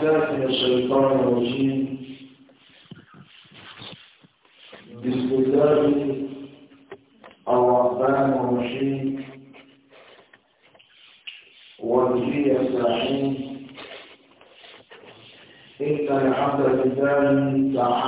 بالله من الشيطان الرجيم بسم الله الرحمن الرحيم وبه يستعين إن الحمد لله تعالى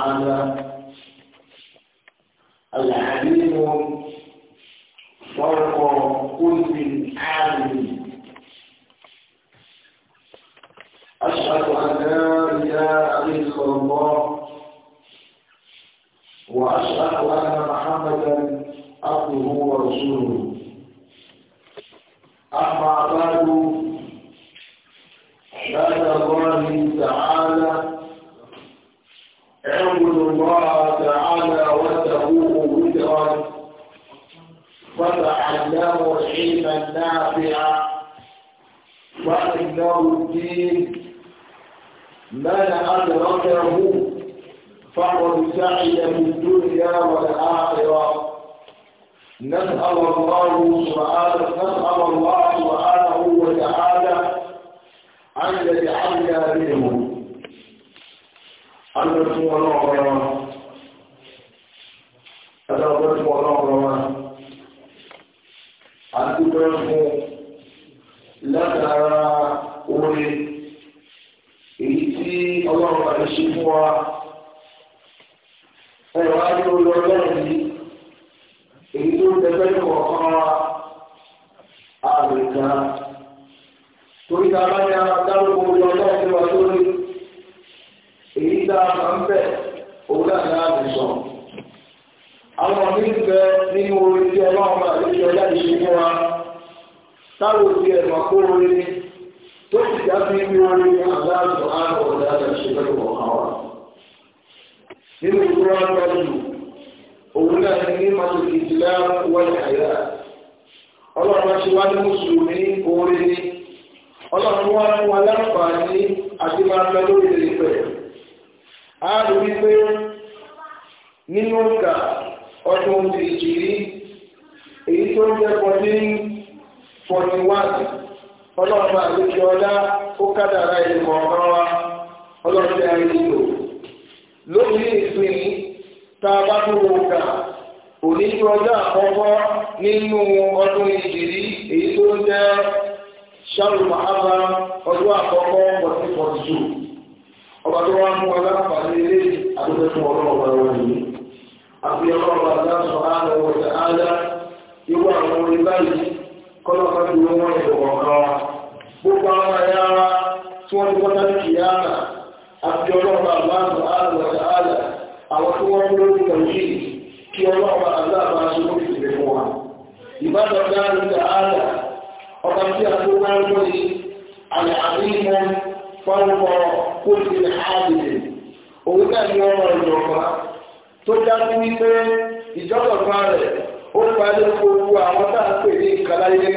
bẹ nínú orí tí ọlọ́run máa lè yọ jáde yìí fún wa táwọn òbí ẹ̀ mọ̀ kó orí ni tó sì já sí ibi orí ni àdáàbò àrò ọ̀dà àti ìṣẹ̀lẹ̀ ọ̀hán wa. nínú ìṣúra pẹ̀lú òun náà ní ní màtò ìdílé wọlé àyà ọlọ́run ṣe wá ní mùsùlùmí orí ni ọlọ́run wá ní wa láǹfààní àti máa ń lórí ìrìnfẹ̀. a rí wípé nínú ìgbà ọdún tìrìtìrì èyí tó ń jẹ́ fourteen forty one ọlọ́run àlejò ọlá ó kádàrá ẹni kọ̀ọ̀kan wa ọlọ́run tẹ́ ayé lò lónìí ìsìn tá a bá tó wò kà òní tí ọjọ́ àkọ́kọ́ nínú ọdún ìjìrí èyí tó ń jẹ́ ṣàrù mahama ọdún àkọ́kọ́ fourteen forty two ọba tó wá mú ọlá pàdé ilé àdúgbò fún wọn yìí àfi ọlọ́ọ̀bà aláṣọ ààrẹ wọ̀tẹ̀ ájá irú àwọn orin báyìí kọ́lọ́kọ́ ti wọ́n wọ́n ìwọ̀n kan wa gbogbo àwọn ẹ̀yà ara tí wọ́n ti wọ́n ní kìíyàmà àfi ọlọ́ọ̀bà aláṣọ ààrẹ wọ̀tẹ̀ ájá àwọn tí wọ́n ń lórí kàwé kí ọlọ́ọ̀bà aláṣọ aṣọ kó fi tẹ̀lé fún wa ìbádọ̀ dáhùn ní ààrẹ ọba tí a tó bá ń lórí àlẹ́ àríyàn fọ́nmọ́ kó ti ní ààrẹ òun ni ọmọ ìjọba tó já wípé wípé ìjọ́sọ̀gbọ́n rẹ̀ ó parí gbogbo àwọn tá à ń pè ní ìkàláyé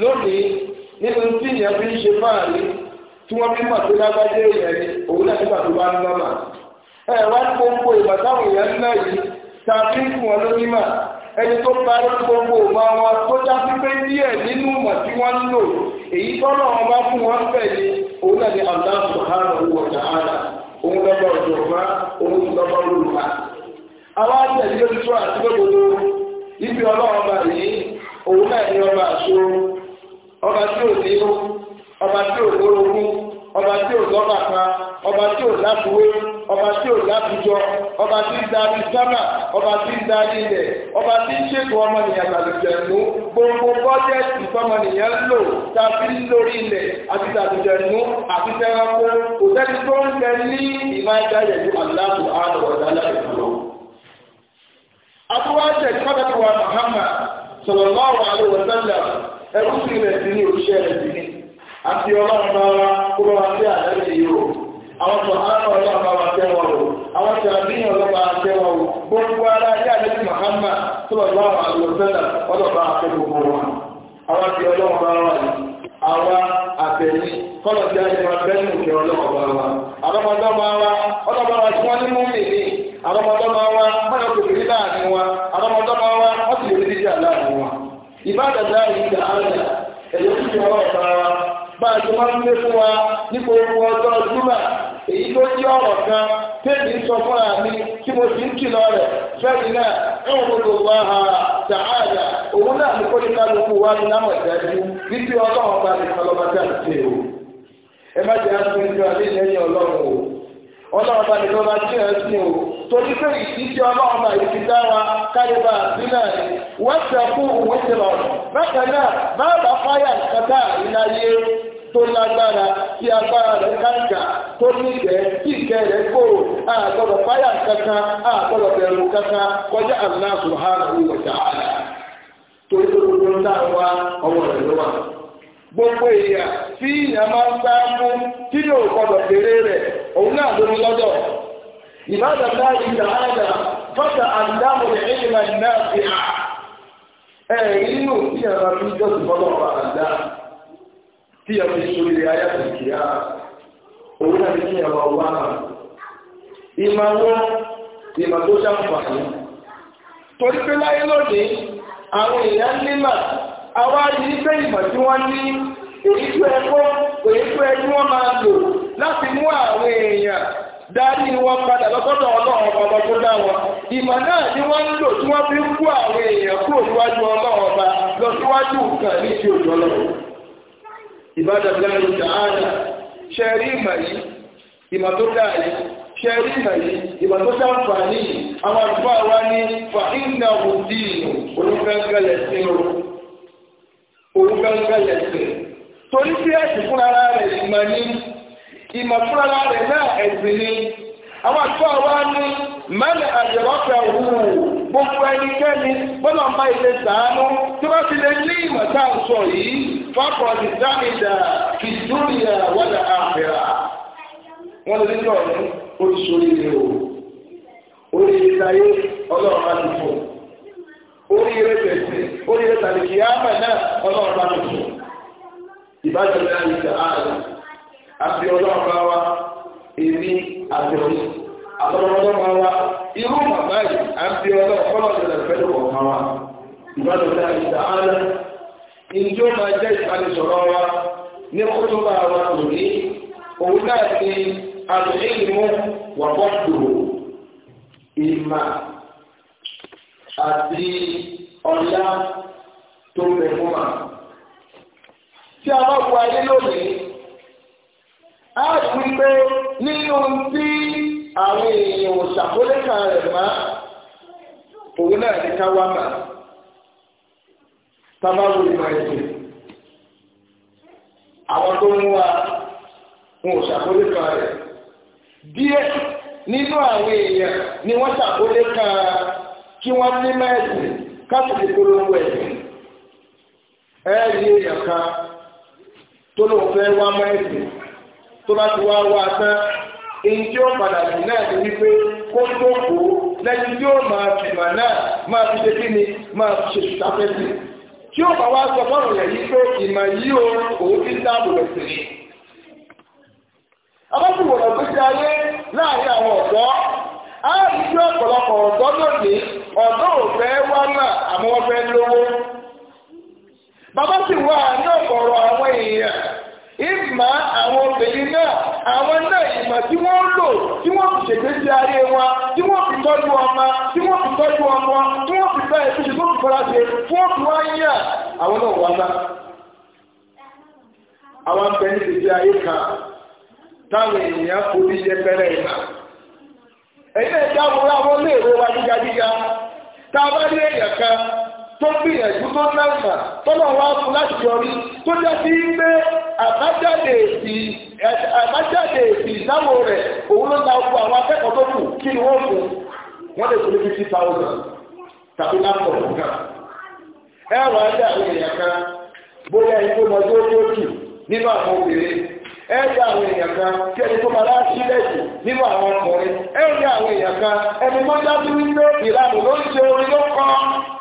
lónìí nínú tí ìyẹn fi ń ṣe fáàrí tí wọ́n fi mọ̀ tó lágbájé ìyẹn ni òun náà nígbà tó bá ń lọ́mà ẹ wá gbogbo ìgbà táwọn èèyàn ń náà yìí ta fi ń fún lórí mà ẹni tó parí gbogbo wọn tó já sí pé díẹ̀ nínú tí wọ́n ló ti tó àti gbogbo ibi ọlọ́run ọba yìí òun náà ní ọba àṣọ ọba tí ò ní ọba tí ò lórogún ọba tí ò lọ́ba kan ọba tí ò láfiwé ọba tí ò láfijọ ọba tí ń darí sábà ọba tí ń darí ilẹ̀ ọba tí ń ṣètò ọmọnìyàn tàbíjẹ̀nú gbogbo bọ́jẹ́tì fọmọnìyàn lò tàbí lórí ilẹ̀ àti tàbíjẹ̀nú àti tẹranko kò sẹ́ni tó ń bẹ ní ìmáyájáyẹ̀dú aláàbò àrùn ọ̀dà láìpẹ́ lọ àtúwáṣẹ ìfọdàtí wa Muhammad sallallahu alaihi wa sallam ẹrú sí rẹ̀ sí ní òṣìṣẹ́ rẹ̀ sí ní àti ọlọ́run bá wa kó bá wa sí àlẹ́ yìí o àwọn sọ̀hánà ọlọ́run bá wa tẹ́ wọn o àwọn sàbíyàn ọlọ́ba tẹ́ wọn o gbogbo ara ayé àlẹ́bí Muhammad sallallahu alaihi wa sallam ọlọ́ba gbogbo wọn àwọn ti ọlọ́run bá wa yìí àwa àtẹ̀yìn kọ́lọ̀ tí a yẹ wọn bẹ́ẹ̀ ní òkè ọlọ́run bá wa àlọ́mọdọ́ bá wa ọlọ́ba wa tí wọ́n ní mi ní àrọ́mọdọ́mọ wa báyọ̀ kò lè láàrin wa àrọ́mọdọ́mọ wa wọ́n sì lè rí díjà láàrin wa ìbádàdá ìgbà àjà ẹ̀yọ́ sì ti wọ́n ọ̀tá wa bá a ti máa ń lé fún wa nípa ohun ọjọ́ júmọ̀ èyí tó jẹ́ ọ̀rọ̀ kan tẹ́lẹ̀ ń sọ fún àmì tí mo sì ń kìlọ̀ rẹ̀ náà ẹ̀wọ̀n òun náà wa ní náà ìdájú ọlọ́run bá lè kọ́ a ti ṣe ọlọ́run bá nìkan bá jẹ́ ẹ̀sìn o torí pé ìdíje ọlọ́run bá yìí ti dá wa káyé bá àbí náà ni wọ́n ti kú òwe ti lọ. bákan náà máa bá fáyà kàtà ìnáyé tó lágbára tí agbára rẹ̀ káńkà tó ní ìbẹ̀ tí ìkẹ́ rẹ̀ kó àgbọ̀dọ̀ fáyà kankan àgbọ̀dọ̀ bẹ̀rù kankan kọjá Allah subhanahu wa ta'ala. torí pé gbogbo ń dá wa ọwọ́ rẹ̀ ló wà. gbogbo èèyàn tí ìyàn máa ń sá fún kí yóò gbọdọ̀ kéré rẹ̀ òun náà lórí lọ́dọ̀ ìbádà bá ìdáhàdà fọ́tà àdámọ̀ ìrìnà náà fi hà ẹ̀rí nù tí a bá fi àdá tí a fi so ilé ayé àtìkì á òun náà wá ìmọ̀ wọn ìmọ̀ tó ṣàǹfààní torí pé láyé lónìí àwọn èèyàn nímà àwa yìí ìmọ̀ tí wọ́n ní èyí tó ẹ̀kọ́ èyí tó láti mú àwọn èèyàn darí wọn padà lọ́sọ́dọ̀ ọlọ́run ọba tó dá wọn ìmọ̀ náà ni wọ́n ń lò tí wọ́n fi ń kó àwọn èèyàn kúrò níwájú ọlọ́run ọba lọ síwájú nǹkan ní ti òjò ọlọ́run ìbádàbíláyò tààdà ṣẹ́rí ìmọ̀ yìí ìmọ̀ tó dáa yìí ṣẹ́rí ìmọ̀ yìí ìmọ̀ tó sáǹfààní àwọn àgbà wa ní fa ìnà òdìnnù olùfẹ́ngẹ́lẹ̀ sí torí sí ẹ̀sìn fúnra rẹ̀ ìmọ̀ ní ìmọ̀ fúnra rẹ̀ náà ẹ̀sìn ni àwọn àtúbọ̀ wa ní mẹ́lẹ̀ àjẹrọ́fẹ̀ wù gbogbo ẹnikẹ́ni gbọ́dọ̀ máa ilé sàánú tí wọ́n ti lè ní ìmọ̀ tá à ń sọ yìí fọ́pọ̀ ní dáìdà fìdúrìà wọ́dà àfẹ́rà wọ́n lè ní ọ̀rẹ́ oríṣiríṣi o oríṣiríṣi ayé ọlọ́run á ti fò oríire tẹ̀sí oríire tàbí kìí ámà náà ọlọ́run á ti fò ìbájọ́ ní àyíká ààrẹ àti ọlọ́run bá wa èmi àtẹ̀wé àtọ́lọ́run bá wa irú bàbá yìí àti ọlọ́run kọ́lọ́ ìṣẹ̀lẹ̀ fẹ́lẹ̀ wọ̀ kan wa ìbádọ́ta ìta ààrẹ ìjọ máa jẹ́ ìbánisọ̀rọ̀ wa ní kótó bá wa lòdì òun náà ti àlùyé ìmú wà bọ́ dùrò ìmà àti ọ̀la tó bẹ̀ fún wa. Tí a bá wọ ayé lónìí, á rí nínú tí àwọn èèyàn ò ṣàkólé kan rẹ̀ mọ́ òun náà ní ká wá mà tábà wò ìmọ̀ ẹ̀sìn àwọn tó ń wá wọn ò ṣàkólé kan rẹ̀ díẹ̀ nínú àwọn èèyàn ni wọ́n ṣàkólé kan kí wọ́n ní mẹ́ẹ̀sìn káàkiri polówó ẹ̀sìn ẹ̀ẹ́dì èèyàn kan tó tó bá ti wá wá tán èyí tí ó padà sí náà ni wípé kó tó kú lẹ́yìn tí ó máa fi mà náà máa fi ṣe kí ni máa fi ṣe ìtafẹ́sì tí ó bá wá sọ rẹ̀ yìí pé ìmọ̀ yìí o òun ti dáàbò rẹ̀ sí ni. lọ sí ayé láàrin àwọn ọ̀dọ́ ọ̀pọ̀lọpọ̀ ọ̀dọ́ lónìí ọ̀dọ́ ò fẹ́ wá náà àmọ́ wọ́n fẹ́ ìmọ̀ àwọn obìnrin náà àwọn náà ìmọ̀ tí wọ́n ń lò tí wọ́n fi ṣègbè sí ayé wọn tí wọ́n fi tọ́jú ọmọ tí wọ́n fi tọ́jú ọmọ tí wọ́n fi bá ẹ̀sùn tó fi fara ṣe fún ọ̀tún wá àwọn náà wà náà. àwọn abẹ ní ìdí ayé kan táwọn ènìyàn forí yẹpẹrẹ ìmọ̀. ẹ̀yin náà dáwọ́ àwọn ilé ìwé wa gíga gíga bá èèyàn kan tó gbìyànjú tó náà tọ́lọ̀ wá fún láti yọrí tó jẹ́ sí pé àbájáde èsì àbájáde rẹ̀ òun ló la ọkọ̀ àwọn akẹ́kọ̀ọ́ tó kù kí ni wọ́n fún wọ́n lè fún ní fifty tàbí lápò ọ̀gá ẹ̀rọ ajá àwọn èèyàn kan bóyá ẹni tó nínú àwọn obìnrin àwọn èèyàn kan kí ẹni tó máa láti nínú àwọn ọkùnrin àwọn èèyàn kan ẹni ìlànà ṣe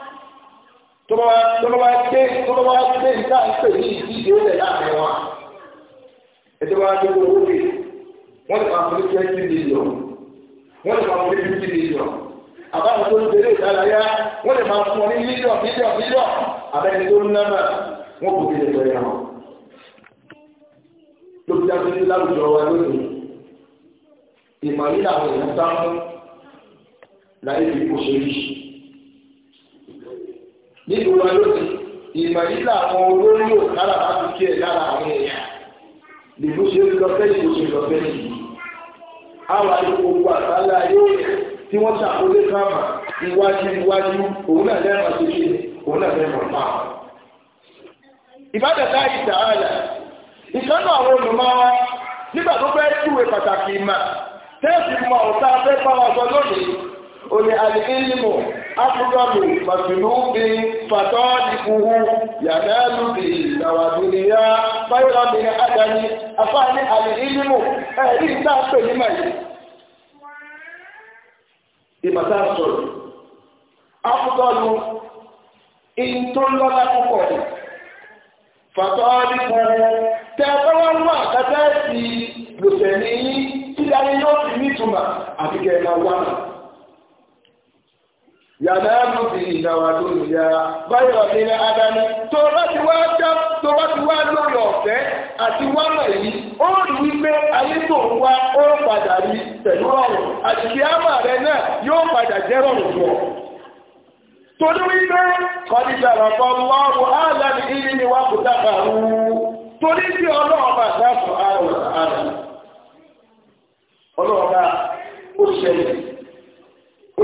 tọ́lọ́wá tọ́lọ́wá gbé tọ́lọ́wá gbé nígbà ń pè ní ìdíje rẹ̀ láàrin wa ẹjọ́ wa gbé owó rè wọ́n ti máa fún ní twenty million wọ́n ti máa fún ní fifty million àbáwọn tó ń tẹ̀lé ìdárayá wọ́n ti máa fún ọ ní mílíọ̀n mílíọ̀n mílíọ̀n àbẹ́ni tó ń ná náà wọ́n kò fi lè sọ yà wọ́n. lóbi dáa ní láwùjọ wa lónìí ìmọ̀ yìí làwọn èèyàn sá fún láyé fi kó ṣe yìí. n'ihi wa lónìí ìmọ̀ yìí làwọn olórí yóò lára bá ti kí ẹ̀ lára àwọn èèyàn lèlú ṣe yìí. àwọn àtàlà tí wọ́n káàmà òun náà lẹ́nu àti ṣe òun náà lẹ́nu ọ̀pá. àwọn olùmọ́wá nígbà tó fẹ́ pàtàkì tẹ́ẹ̀sì ọ̀tá fẹ́ أفضل مطلوب فطالبه ينال ya ودنيا خير من أدم أفعل العلم أهلي تأخذ لمن ìmọ̀ tá a sọ̀rọ̀ afọ́tọ́lu ìtọ́lọ́lá púpọ̀ ni fàtọ́lì kan tẹ ọlọ́wọ́ àtàtà ẹ̀sìn lòsẹ̀ ní yín tí ayé yóò fi nítumọ̀ àbíkẹ́ na yàrá ló fi ìdáwà ya báyọ̀ ní adani tó bá ti wá já tó bá ti wá lórí ọ̀fẹ́ àti wánà yìí ó rí wípé ayé tó ń wá ó padà rí pẹ̀lú ọ̀rọ̀ àti àmà rẹ náà yóò padà jẹ́ rọrùn fún ọ. torí wípé ìlú ni dábàá rú torí ó ṣẹlẹ̀ ó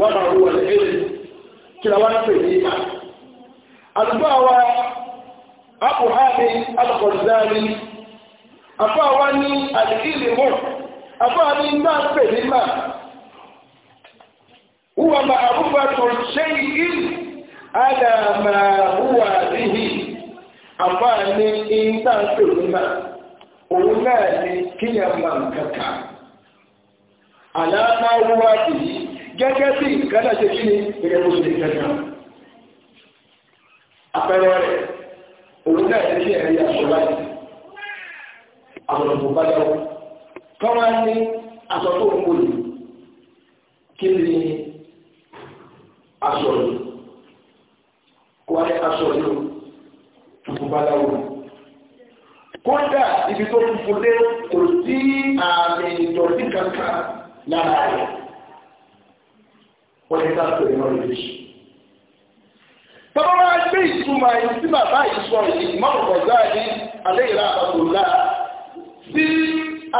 wọ́n máa wọ ẹ̀ẹ́dì kí la wá ń pè ní ìmà. àdúgbò àwa àpòhámi alùpùpùdáàrí àpò àwa ní àdìgílì mọ́ àpò àwa ní ìmà ń pè ní ìmà. wúwa máa àbúgbà tó ṣe yìí àdàmà wúwa bíhì àpò àwa ní pè ní ìmà òun náà ni kíyàn kàkà. àlàáfáà wúwa bìí gẹ́gẹ́ bí ìkẹ́lẹ̀ ṣe kí ni gẹ́gẹ́ bó ṣe ìkẹ́lẹ̀ àpẹẹrẹ rẹ̀ òun náà ti ṣe ẹ̀rí àṣọlá yìí àwọn ọ̀dọ̀ bá dáwọ́ tọ́wọ́ ní aṣọ tó ń kọlù kí ni aṣọ yìí kó wá ní aṣọ yìí tuntun bá dáwọ́ kódà ibi tó funfun dé kò sí àmì ìdọ̀tí kankan lára rẹ̀ political terminology. tọ́wọ́ máa gbé ìtumọ̀ ẹni tí bàbá yìí sọ yìí mọ́kànlá záàdì àléèrà àbàbòlá sí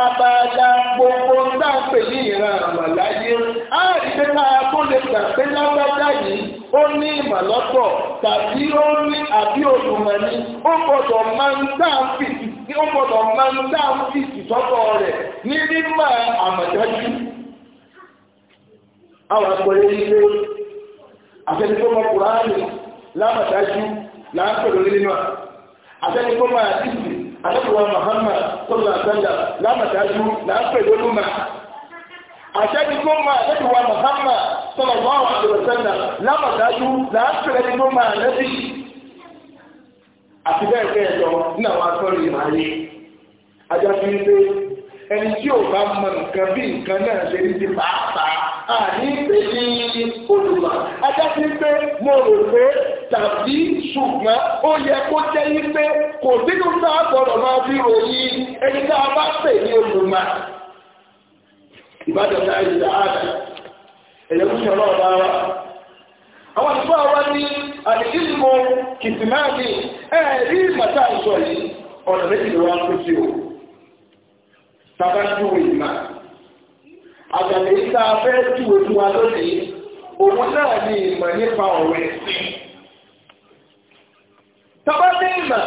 abala gbogbo dáńpẹ̀ ní ìran àmàláyé á rí pé ká tó lè gbà pé lágbájá yìí ó ní ìmọ̀lọ́tọ̀ tàbí ó ní àbí olùmọ̀ni ó gbọ́dọ̀ máa ń dáńfì ó gbọ́dọ̀ máa ń dáńfì ìtọ́kọ rẹ̀ ní mímọ̀ àmọ̀dájú àwọn akọ̀lẹ́ ilé àfẹnifọ́mọ kùránì lámàdájú láńpẹ̀lú nínú à àfẹnifọ́mọ àdìsí àtọ́kùwà Muhammad sọ́dọ̀ àtàndà lámàdájú láńpẹ̀lú lùmà àfẹnifọ́mọ àtọ́kùwà Muhammad sọ́dọ̀ wàhùn àtàndà lámàdájú láńpẹ̀lú lùmà lẹ́bí àti bẹ́ẹ̀ bẹ́ẹ̀ lọ ní àwọn akọ̀lẹ́ ìmọ̀ ayé ajá fi ń pé ẹni tí ò bá mọ nǹkan bí nǹkan náà ṣe ní ti pàápàá àní pé ní pé mo rò pé tàbí ṣùgbọ́n ó yẹ kó jẹ́ yí pé kò sínú náà gbọ́dọ̀ máa fi ròyìn ẹni a bá pè ní olùmọ̀ náà yìí ẹ̀yẹ o. bàbá tó ìmà àgbàlẹ̀ ìta fẹ́ tí o fún wa lónìí òun náà ní ìmọ̀ nípa ọ̀rọ̀ ẹ̀sìn tọ́ba ní ìmọ̀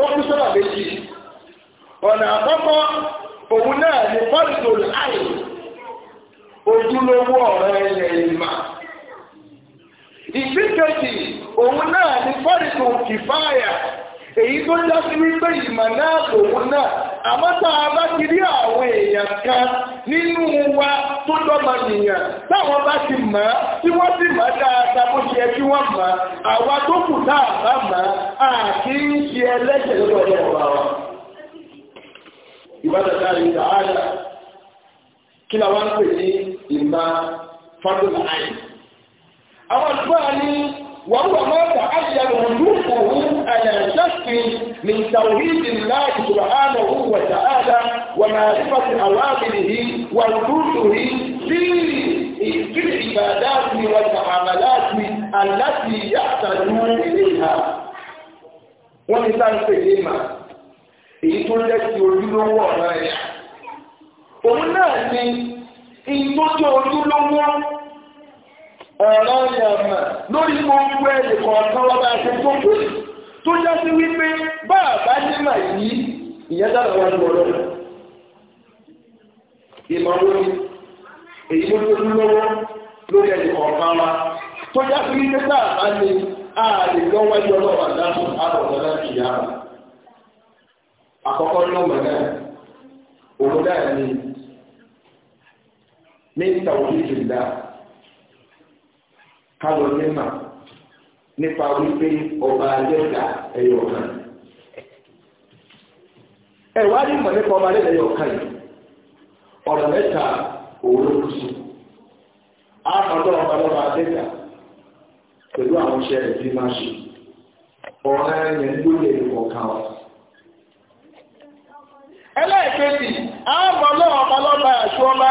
ó kú sọ́nà méjì ọ̀nà àkọ́kọ́ òun náà ní pọ́lìtò láì ojúlówó ọ̀rọ̀ ẹ̀yẹ ìmà ìgbìkejì òun náà ní pọ́lìtò kìfáyà èyí tó já sí wípé ìmọ̀ náà tòun náà àmọ́ tá a bá ti rí àwọn èèyàn kan nínú wa tó dọ́mọ nìyàn táwọn bá ti mọ̀ ọ́ tí wọ́n sì mọ̀ dáadáa bó ṣe kí wọ́n mọ̀ àwa tó kù tá a bá mọ̀ á kì í ṣe ẹlẹ́jẹ̀ lọ́dọ̀ وهو ما تعين وجوده على شك من توحيد الله سبحانه وتعالى ومعرفة أوامره وردوده في العبادات والمعاملات التي يحتاجون إليها ونسان سليمة èyí tó ojúlówó ọ̀rọ̀ ẹ̀yà òun náà ni ìtọ́jú ojúlówó ọ̀rọ̀ yàmà lórí gbogbo ẹ̀yìn kọ̀ọ̀kan ọba àti gbogbo tó yá sí wípé báàbá nímà yìí ìyẹn dára ọ̀rọ̀ ìmọ̀ lórí èyí tó lórí wa tó yá sí wípé ni a lè lọ wájú ọlọ́wà dáhùn àbọ̀dọ̀ láti yá àkọ́kọ́ ní ọmọ òun ní kálọ̀ nímà nípa wípé ọba adẹ́ta ẹ̀yọ̀ kan. ẹ̀wá ní ìmọ̀ nípa ọba adẹ́ta ẹ̀yọ̀ kan yìí ọ̀rọ̀ mẹ́ta òun ló kù ọba lọ́ba pẹ̀lú àwọn iṣẹ́ rẹ̀ tí máa ṣe ọ̀rẹ́ rẹ̀ ń lóye ọ̀kan ẹlẹ́ẹ̀kejì ọba lọ́ba ọba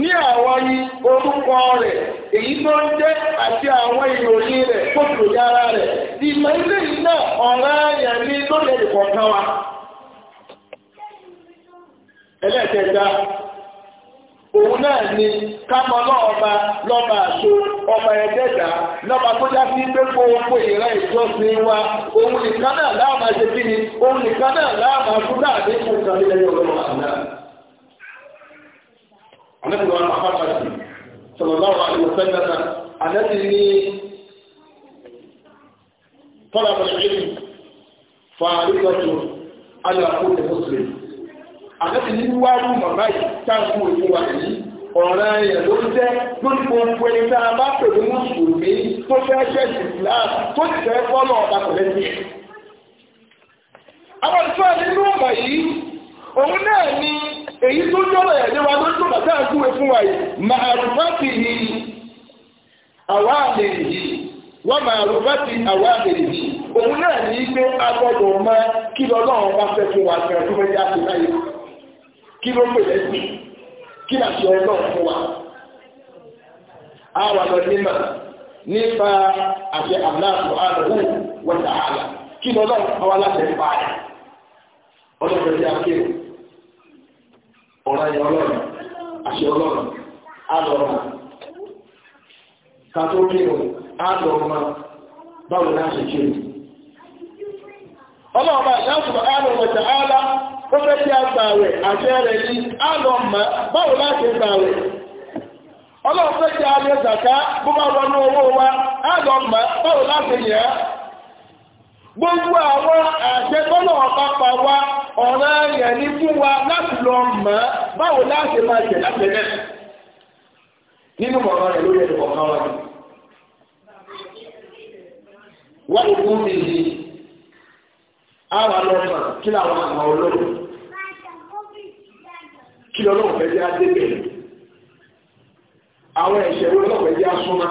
ní àwọn èyí tó ń jẹ́ àti àwọn ìròyìn rẹ̀ tó tò yára rẹ̀ ìmọ̀ ilé yìí náà ọ̀rẹ́ yẹn ní lórí ẹ̀dì wa. náà ni lọ́ọ̀ba lọ́ba àṣọ ọba lọ́ba tó já sallallahu alaihi wa sallam àdẹ́sì ní tọ́lá mọ̀lẹ́kìlì fàáríkọ̀tù aláàkó ní mùsùlùmí àdẹ́sì ní wáyé màmá yìí táàkù òfin wà ní ọ̀rọ̀ ẹ̀yẹ̀ ló ń jẹ́ lórí gbogbo ẹni tá a bá pẹ̀lú mùsùlùmí tó fẹ́ ṣẹ̀ṣì islam tó sì fẹ́ fọ́lọ̀ ọ̀tà pẹ̀lẹ́sì àwọn ìfẹ́ nínú ọ̀mọ̀ yìí òun náà ni èyí tó jọ́rọ̀ ẹ̀ léwa lójú bàtà àgúwe fún wa yìí màrúfàtì ni àwa àlè yìí wọ́n màrúfàtì àwa òun náà ní pé agbọ́dọ̀ mọ̀ kí lọ́lọ́run bá fẹ́ fún wa fẹ́ fún ẹja àti láyé kí ló pè kí fún wa. àwa lọ nípa wọ́n kí láti ẹ̀ ọ̀rọ̀ ayé ọlọ́run àṣẹ ọlọ́run alọ́run kàtó kírun alọ́run báwo náà ṣe kírun. ọlọ́run bá ṣáàtù àlọ́ ọ̀tà àlá ó fẹ́ rẹ̀ ní báwo ṣe gbà rẹ̀. ọlọ́run fẹ́ bó bá owó wa báwo ṣe yẹ gbogbo àwọn àṣẹ ọ̀pá pa wá ọ̀rọ̀ ẹ̀yẹ̀ ní fún wa láti lọ mọ̀ báwo láti máa jẹ̀ láti nínú ọ̀rọ̀ rẹ̀ lórí ẹ̀dùn ọ̀kan wa ni. wọ́n ti fún mi yìí àwọn alọ́mọ kí làwọn àmọ́ olóògùn kí lọ́lọ́wọ́ fẹ́ jẹ́ adébẹ̀rẹ̀ àwọn ẹ̀ṣẹ̀ wo lọ́wọ́ fẹ́ jẹ́ asúnmọ́.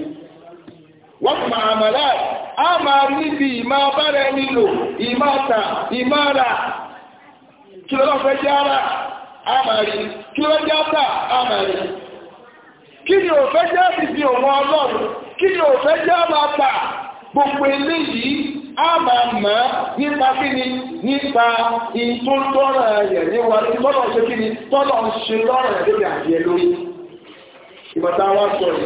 wọ́n màmàlá a máa níbi ìmá bára ẹni lò ìmá ta ìmá ra kí lọ́wọ́ fẹ́ jẹ́ ara a máa rí kí lọ́wọ́ jẹ́ ata a máa rí kí ni ò fẹ́ jẹ́ ìdí òun ọlọ́run kí ni ò fẹ́ jẹ́ máa ta gbogbo eléyìí a máa mọ̀ nípa kí ni nípa ìtúntọ́rọ̀ ẹ̀yẹ̀ níwá tọ́lọ̀ ṣe kí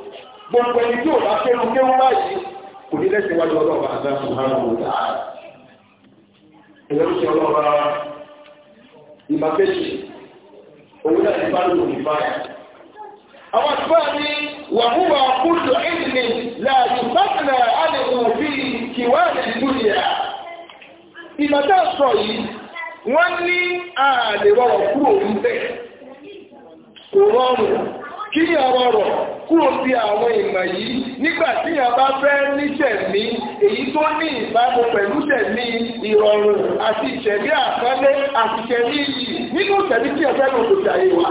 gbogbo ẹni tí ò bá kéwú kéwú báyìí kò ní lẹ́sìn wájú ọlọ́ọ̀bá àgbà ṣùgbọ́n àwọn ọ̀dà ẹ̀rọ ṣe ọlọ́ọ̀bá ìmàkejì òun náà ti bá lò ní báyà. àwọn àtúbà ní wàhùwà kúndùn ẹ̀dínlẹ̀ láàyè bákìlà àlẹ́kùn fi kìwáàlì dúnìyà. ìmọ̀tá sọ yìí wọ́n ní àlè rọrọ̀ kúrò ń bẹ̀ kò rọrùn kí ni ọ̀rọ̀ rọ̀ kúrò sí àwọn ìmọ̀ yìí nígbà tí yàn bá fẹ́ níṣẹ̀mí èyí tó ní ìbámu pẹ̀lú tẹ̀mí ìrọ̀rùn àti ìṣẹ̀mí àpọ́nlé àti ìṣẹ̀mí yìí nínú ìṣẹ̀mí tí tó kù dáàmà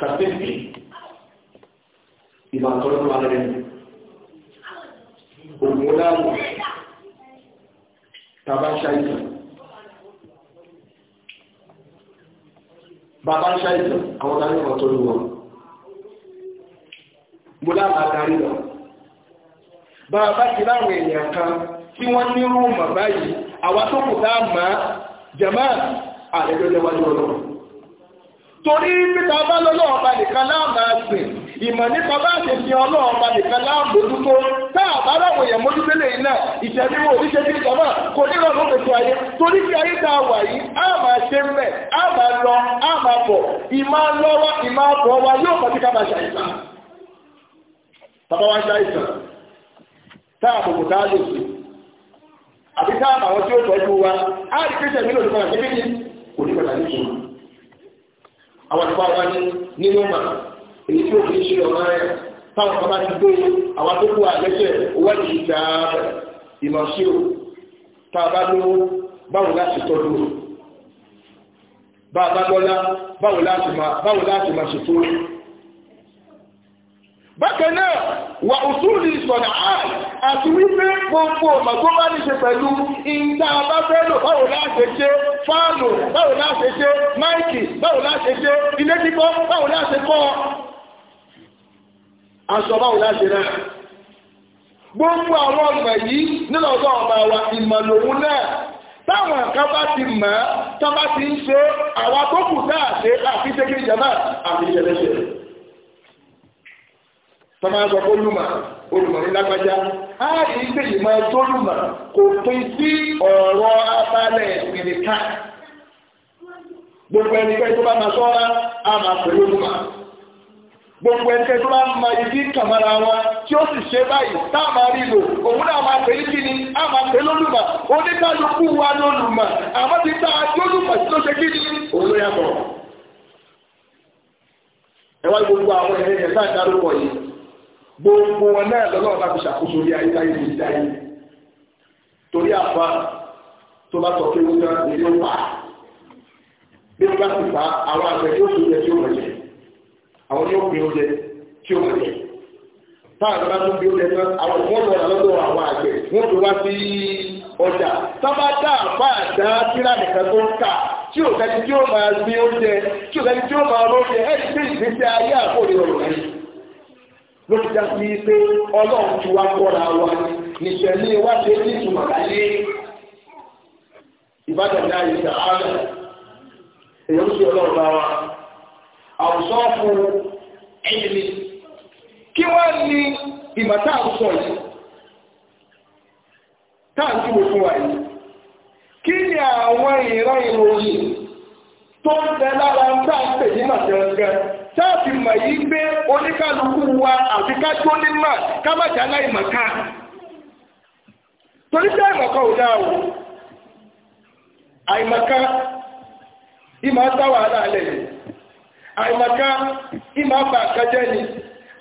kàtẹ́sì ìbátan ló máa rẹ̀ ògùn láàmù tàbá ṣáìsàn bàbá ṣáìsàn àwọn tàbí ọ̀tọ́ ló wọ́n mo láàmù àtàrí lọ bàbá ti láwọn tí wọ́n ní rúùmù báyìí àwọn tó kù dáàmà jẹ̀mọ́ àrẹ́gbẹ́lẹ́wájú ọlọ́run torí nípa ọba lọ́lọ́ ọba nìkan láàmà gbìn ìmọ̀ nípa bá ṣe fi ọlọ́ ọba nìkan láàmà dúkó táà bá ráwọ̀ èèyàn mójútélé iná ìṣẹ́lẹ̀ wo oníṣẹ́ bí ìjọba kò ní rọrùn ètò ayé torí kí ayé tá a wà yìí á máa ṣe á máa lọ á máa bọ̀ ìmọ̀ lọ́wọ́ ìmọ̀ wa yóò kọ́ sí bàbá wa táà bòbò táà lè ṣe àbí táà àwọn àtúbà wa ní nínú mà èyí tí òfin ṣe ọ̀nà rẹ̀ táwọn kan bá ti gbé àwọn tó kú àlẹ́sẹ̀ owó ìdí ìgbà ìmọ̀sí o tá a bá lówó báwo láti tọ́jú o bá a bá lọ́lá báwo láti máa ṣètò bákan náà wà òsúlù ìsọ̀nà àì àti wípé gbogbo ọmọ tó bá ní ṣe pẹ̀lú ìta bá fẹ́ lò báwo láà ṣe ṣe fáànù báwo láà ṣe ṣe máìkì báwo láà ṣe ṣe ilé kíkọ́ báwo láà ṣe kọ́ aṣọ báwo láà ṣe náà gbogbo àwọn ọmọ yìí nínú ọjọ́ ọmọ wa ìmọ̀ lòun náà táwọn kan bá ti mọ̀ ọ́ tán bá ti ń ṣe àwọn tó kù dáàṣe àfi ṣe kí ìjọba àfi ìṣẹ̀lẹ̀ṣẹ̀lẹ̀ tọ́mọ́ sọ pé olùmọ̀ olùmọ̀ ní lágbájá á yìí pé ìmọ̀ tólùmọ̀ kò pín sí ọ̀rọ̀ abálẹ̀ ìpìlìkà gbogbo ẹnikẹ́ni tó bá máa sọ́ra á máa gbogbo ẹnikẹ́ni tó bá máa ibi kàmọ́ra wa tí ó sì ṣe báyìí tá a máa rí lò òun náà máa pè é á máa pè lólùmọ̀ wa lólùmọ̀ àmọ́ ti tá a tó ṣe òun ló yàtọ̀ ẹ wá gbogbo àwọn gbogbo wọn náà lọ́lọ́wọ́ bá fi ṣàkóso orí ayétáyé tó dáyé torí àfa tó bá sọ pé wọ́n ní ló pa bí wọ́n bá ti fa àwọn àgbẹ̀ tó tó jẹ tí ó mọ̀ jẹ àwọn ní òpin oúnjẹ tí ó mọ̀ jẹ táwọn àgbẹ̀ bá tún bí oúnjẹ tán àwọn ìwọ́n lọ́ra lọ́dọ̀ àwọn àgbẹ̀ wọ́n tó wá sí ọjà sábà dá àfa àdá síra nìkan tó ń kà tí ò kẹ́ni tí ó máa gbé oúnjẹ tí ò kẹ́ni tí ó máa lóúnjẹ ẹ̀ ló ti dá sí pé ọlọ́run ti wá kọ́ra wa nìṣẹ̀lẹ̀ wá ṣe ní ìtumọ̀ láyé ìbàdàn náà yìí ṣe àárẹ̀ ń ṣe ọlọ́run bá wa àwùsọ fún kí wọ́n ní ìmọ̀ tá à ń ni àwọn ìran ìròyìn tó ń bẹ lára ń táàfì mọ̀ yìí pé oníkálukú wa àti kájọ́ nímọ̀ kábàjá láì mọ̀ ká torí pé àìmọ̀kan ò dáa o àìmọ̀kan ìmọ̀ ń dá wàhálà lẹ̀ àìmọ̀kan ìmọ̀ ń bà kájẹ́ ni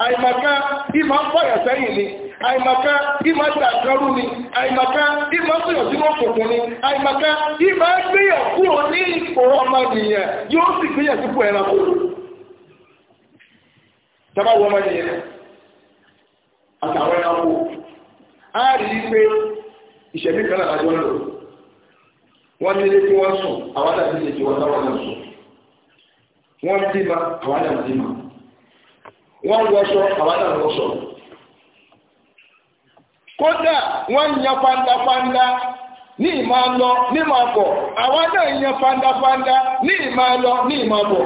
àìmọ̀kan ìmọ̀ ń fọ̀yọ̀ sẹ́yìn ni àìmọ̀ká ìmọ̀ ṣàkọrú ni àìmọ̀ká ìmọ̀ sọ̀rọ̀ sínú òkùnkùn ni àìmọ̀ká ìmọ̀ gbéyàwó ní ìfòrọ̀ nìyẹn yóò sì gbéyàwó ẹranko sábà wọ́n máa yẹn àtàwọn ẹranko á rí i pé ìṣẹ̀lẹ̀ kan náà lájọ́ lò wọ́n ní ilé tí wọ́n sùn àwọn àti ilé tí wọ́n táwọn náà sùn wọ́n bímọ àwọn náà bímọ wọ́n wọṣọ àwọn náà wọṣọ kódà wọ́n yan pandapanda ní ìmọ̀ lọ ní ìmọ̀ bọ̀ àwọn náà yan pandapanda ní ìmọ̀ lọ ní ìmọ̀ bọ̀.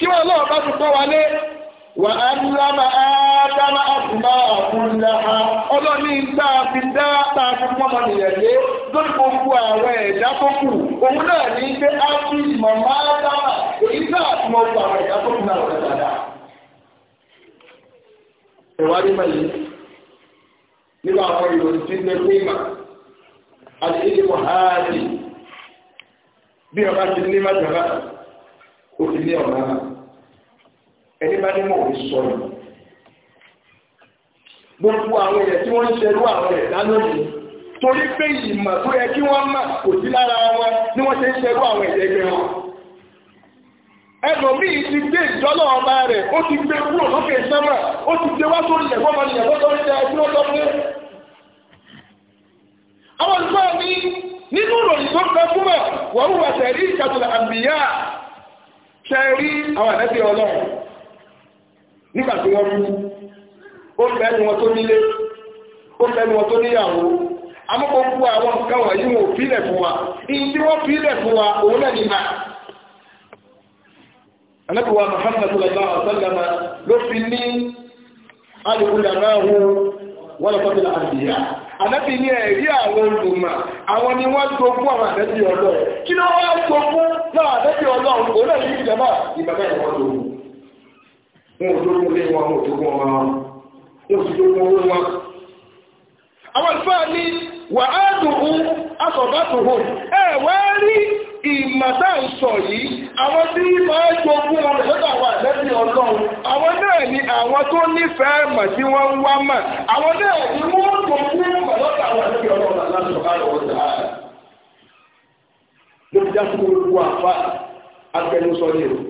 kí wọ́n lọ́wọ́ bá ti pọ́ wálé wà á ń lámà á dáná àtúmọ̀ àkúnlá ha ọlọ́ni gbá fi dá tá a fi pọ́ mọ́ nìyẹn lé lórí gbogbo àwọn ẹ̀dá tó kù òun náà ní pé á fi ìmọ̀ máa dáná èyí náà tí wọ́n gba àwọn ẹ̀dá tó kù náà lọ dáadáa. ìwádìí mọ̀ yìí nígbà àwọn ìròyìn tí ń bẹ fún àti ìdí wàhálì bí ọba ti ní májàmbá òfin ní ọ̀nà náà ẹni bá ní mọ̀ ní sọnù gbogbo àwọn èèyàn tí wọ́n ń ṣerú àwọn ẹ̀dá lónìí torí pé ìmọ̀ tó yẹ kí wọ́n mà kò sí lára wọn ni wọ́n ṣe ń ṣerú àwọn ẹ̀dá ẹgbẹ́ wọn ẹlòmíì ti gbé ìjọlọ ọba rẹ̀ ó ti gbé kúrò lókè sánmà ó ti gbé wá sórí ẹ̀gbọ́n ọmọ ìyàwó tó ń jẹ ẹgbẹ́ ọjọ́ fún àwọn olùkọ́ mi nínú ìròyìn tó fẹ́ fún mọ̀ wọ́n wù wá sẹ̀rí ìkàtúlẹ̀ àmìyá sẹ́rí àwọn àdẹ́bí ọlọ́run nígbà tí wọ́n mú ó fẹ́nu wọn tó nílé ó fẹ́nu wọn tó níyàwó amúkọ̀ọ́kú àwọn nǹkan wọ̀nyí wọn fílẹ̀ fún wa ìyí tí wọ́n fílẹ̀ fún wa òun náà ní máa Muhammadu ló fi ní alùpùdàmáhù wọ́n lọ́pọ̀ àdìyà anábì ní ẹ̀rí àwọn olùmọ̀ àwọn ni wọ́n tó fún àwọn àdẹ́bí ọlọ́run kí ló tó fún náà àdẹ́bí wọn ò dógún lé wọn wọn ò dógún ọmọ wọn wọn ò sì dógún owó wọn. àwọn ìfẹ́ ní wà á dùn ún asọ̀bátòhò ẹ wá rí ìmọ̀tá ń sọ yìí àwọn tí máa jogún wọn lọ́dọ̀ àwọn àlẹ́bí ọlọ́run àwọn náà ni àwọn tó nífẹ̀ẹ́ mọ̀ tí wọ́n ń wá mọ̀ àwọn náà ni wọ́n jogún mọ̀ lọ́dọ̀ àwọn àlẹ́bí ọlọ́run láti ọ̀gá lọ́wọ́ sáà lóbi dá sí gbogbo àfa agbẹnusọ ni o.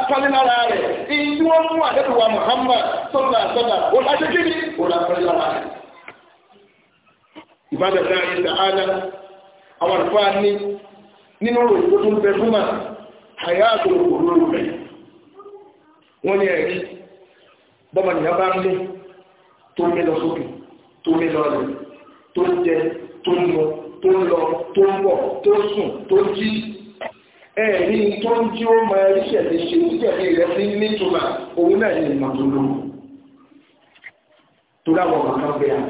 pálí lára rẹ̀ èyí tí wọ́n mú àdẹ́dùwà Muhammad sọ́nà àtọ́nà olùdájẹ́kìrì olùdájẹ́kìrì lára rẹ̀. ìbádà náà yìí sàánà àwọn àlùfáà ní nínú ròyìn tó tún bẹ fún àyà àtòrò bọ́mọ nìyá bá tó lọ sókè tó ẹ̀rí tó ń tí ó ebe ríṣẹ̀ lè ṣe ìjẹ̀lẹ̀ rẹ̀ sí nítumà òun náà ní ìmọ̀ tó lóhùn tó dáwọ̀ ọ̀gá bẹ ni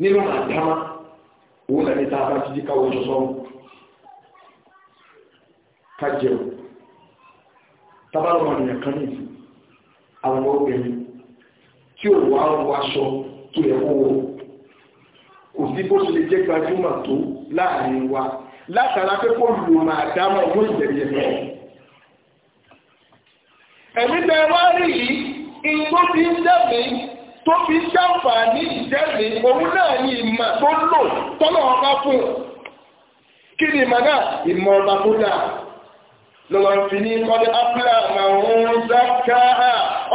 nínú àdámà òun náà ní tá a bá ti di káwọ́ ṣọṣọ́ ká jẹun kan àwọn obìnrin tí látara pé kó lù máa dámọ̀ fún lọ. ẹ̀mí tẹ wá rí yìí igbó fi ń tó fi ń ṣàǹfààní òun náà ní ìmọ̀ tó lò tọ́lọ̀ ọba fún un. kí ni ìmọ̀ náà ìmọ̀ ọba tó dà lọ́wọ́ fi ní kọ́lé àwọn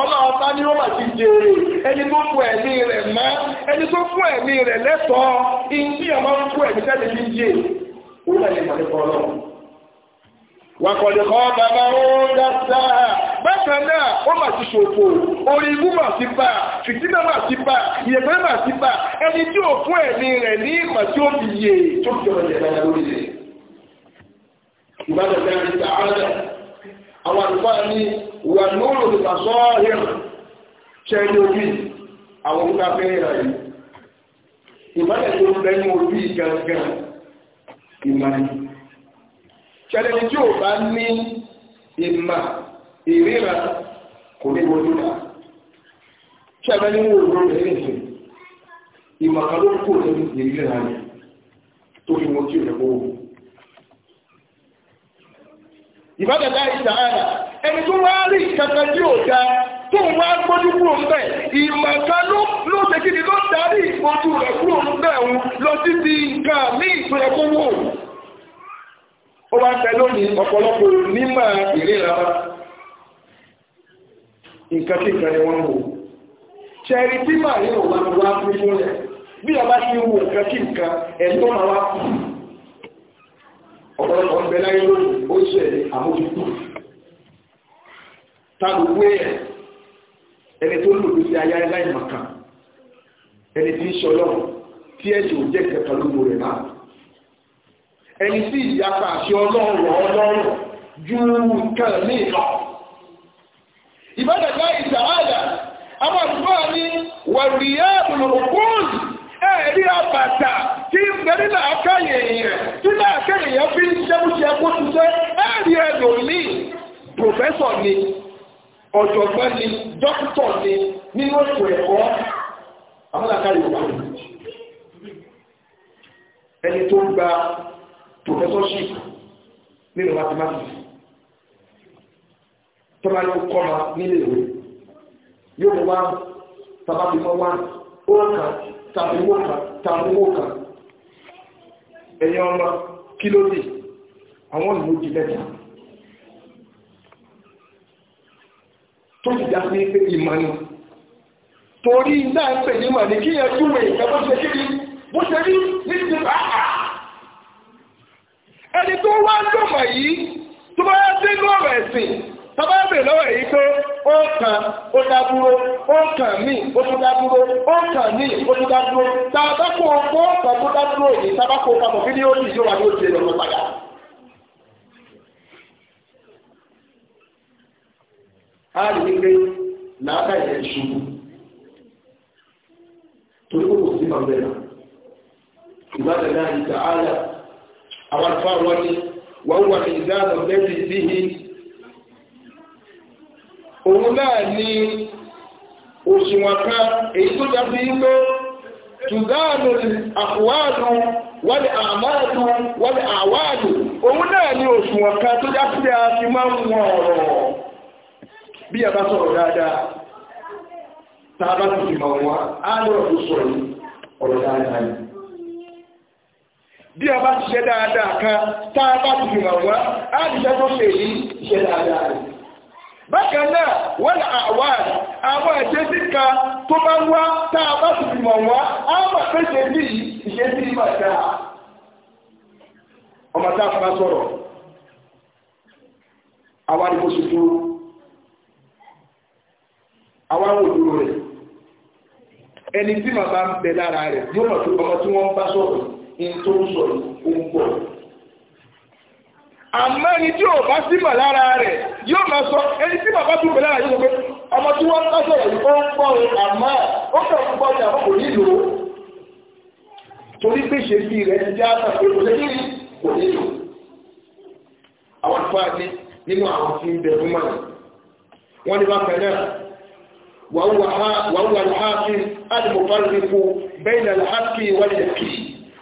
ọlọ́wọ́ bá ní ti jèrè ẹni tó fún ẹ̀mí òun náà lè mọ̀ nípa ọlọ́run. wàkọ̀lẹ̀kọ́ bàbá ó dáadáa bákan náà ó mà ti ṣòfò orí ibú mà ti bà fìtínà mà ti bà ìyẹ̀pẹ̀ mà ti bà ẹni tí ò fún ẹ̀mí rẹ̀ ní ìmọ̀ tí ó fi yè tó fi ọ̀rọ̀ yẹn lọ́wọ́ lórí rẹ̀. ìbádọ̀ bẹ́ẹ̀ ni sàárẹ̀ àwọn àlùfáà ní wà lóòrò ìfàsọ́ yẹn ní orí àwọn ìmọ̀ni. Ṣẹlẹ̀ni tí ò bá ní ìmọ̀ ìríra kò ní wọ́n nílá. Ṣẹlẹ̀ni wo ló rẹ̀ nìsín? Ìmọ̀ kan ló kò ní ìríra rẹ̀ tó fi wọ́n tí ò lẹ́kọ̀ọ́ wò. Ìbádẹ́ta ìṣàárà ẹni tó wá rí ìkankan tí ò dáa tó wá gbójú kúrò ń bẹ̀ ìmọ̀ká ló ṣe kí ni ló darí ìgbójú rẹ̀ kúrò ń bẹ̀ òun lọ sí ti nǹkan ní ìpínlẹ̀ kówó ó wá ń tẹ lónìí ọ̀pọ̀lọpọ̀ nímọ̀ ìríra ọ̀pọ̀lọpọ̀ ń bẹ láyé àmójútó tàbí wé ẹni tó lò lóṣì ayé aláì màkà ẹni tí ń ṣọlọ́ tí ẹ̀ṣẹ̀ ò jẹ́ kẹta lóko rẹ̀ náà ẹni tí ìyapa àṣẹ ọlọ́run ọlọ́run ju nǹkan ní ìlọ. ìbádàgbà ìsàwádà àwọn àdúgbò ní wàlúùyá olùkóòlù ẹ̀rí àbàtà tí ń bẹ nílà akáyè èèyàn tí láàkẹ́ èèyàn fi ń ṣẹ́kúṣẹ́ kó ṣiṣẹ́ ẹ̀rí ẹ̀dùn ní pòfẹ́sọ̀ ni ọ̀jọ̀gbọ́n ni dókítọ̀ ni nínú ètò ẹ̀kọ́ amúnaka yorùbá ẹni tó ń gba professorship nínú mathematics tọ́ba yóò kọ́ ma nílé ìwé yóò mú wá tàbí mọ́ wá ó kàn tàbí wó kàn tàbí wó kàn ẹ̀yin ọmọ kí ló dé àwọn olùmọ̀jì mẹ́ta. tó ti dá sí pé ìmọ̀nù torí náà ń pè ní mọ̀ ní kí yẹn túmọ̀ ìgbà ṣe kí bó ṣe rí ní ti bá a ẹni tó wá ń dọ̀mọ̀ yìí tó bá yá sí inú ọ̀rọ̀ ẹ̀sìn tó bá bè lọ́wọ́ èyí pé ó kàn ó dábúró ó kàn mí ó tún dábúró ó kàn mí ó tún dábúró tàbákò ọkọ̀ ọ̀kan tó dábúró yìí tàbákò ọkọ̀ mọ̀ kí ni yóò wá ní ó ti ha rí wípé làákà yẹn ṣubú torí kò sí bàbá ẹ̀ ìbáda náà ìta ala àwọn i òun náà ni òṣùwọ̀n kan èyí tó dábí wípé tùgáàlù àkùwáàlù wọ́n ni àmáàlù wọ́n ni àwáàlù òun náà ni òṣùwọ̀n kan tó dábí a fi bí ẹ bá sọ̀rọ̀ dáadáa tá bá ti wọn á lọ́rọ̀ tó sọ̀rọ̀ ọ̀rọ̀ dáadáa a bá ti ṣe dáadáa kan tá bá ti fi wọn á ti tó ṣe dáadáa rẹ̀ bákan náà wọ́n àwọn àwọn ẹ̀jẹ̀ sí tó bá wá a bá ti wọn á mà bí sí ìmọ̀ ọmọ a fún wa sọ̀rọ̀ ṣe àwọn àwọn òdúró rẹ̀ ẹni tí màmá ń bẹ lára rẹ̀ yóò mọ̀ tó ọmọ tí wọ́n bá sọ̀rọ̀ ní tó ń sọ̀rọ̀ ó ń bọ̀ àmọ́ ẹni tí ò bá sí mọ̀ lára rẹ̀ yóò máa sọ ẹni tí màmá tún bẹ lára yóò sọ pé ọmọ tí wọ́n bá sọ̀rọ̀ ó ń bọ̀ àmọ́ ó kàn ń bọ̀ ní àkókò nílò torí pé ṣe bí rẹ̀ ti dá àtà pé kò lẹ́yìn kò nílò àwọn àfáà ní nínú àwọn tí ń bẹ fún mọ̀ wọ́n ní bá pẹ̀lẹ́ wàhùwà lùhákì alìmọ̀fàlùfò bẹ́ẹ̀nà lùhákì wàlẹ̀kì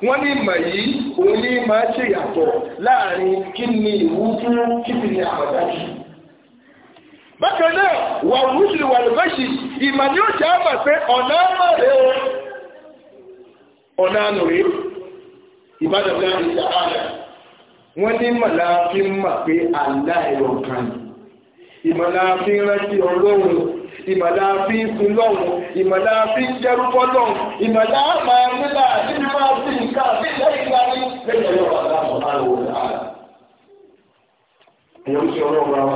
wọ́n ní ìmọ̀ yìí òun ní máa ṣe yàtọ̀ láàrin kí ni ìwújú kí sì ni àmọ̀dájú bákan náà wà rúṣìlì wà lùfẹ́ṣì ìmọ̀ ni ó ṣe á mọ̀ ọ̀nà mọ̀rẹ́ ọ̀nà ànúrẹ́ ìbádọ̀lá ìjà ààrẹ wọ́n ní ìmọ̀lá fi ń sun lọ́hùn ìmọ̀lá fi ń jẹ́rúbọ́ lọ́hùn ìmọ̀lá máa nílà nínú máa fi nǹkan àti lẹ́yìn láyé lẹ́yìn ọ̀rọ̀ wà láàbọ̀ láàrọ̀ wò láàrọ̀. èèyàn ń ṣe ọ̀rọ̀ wa wa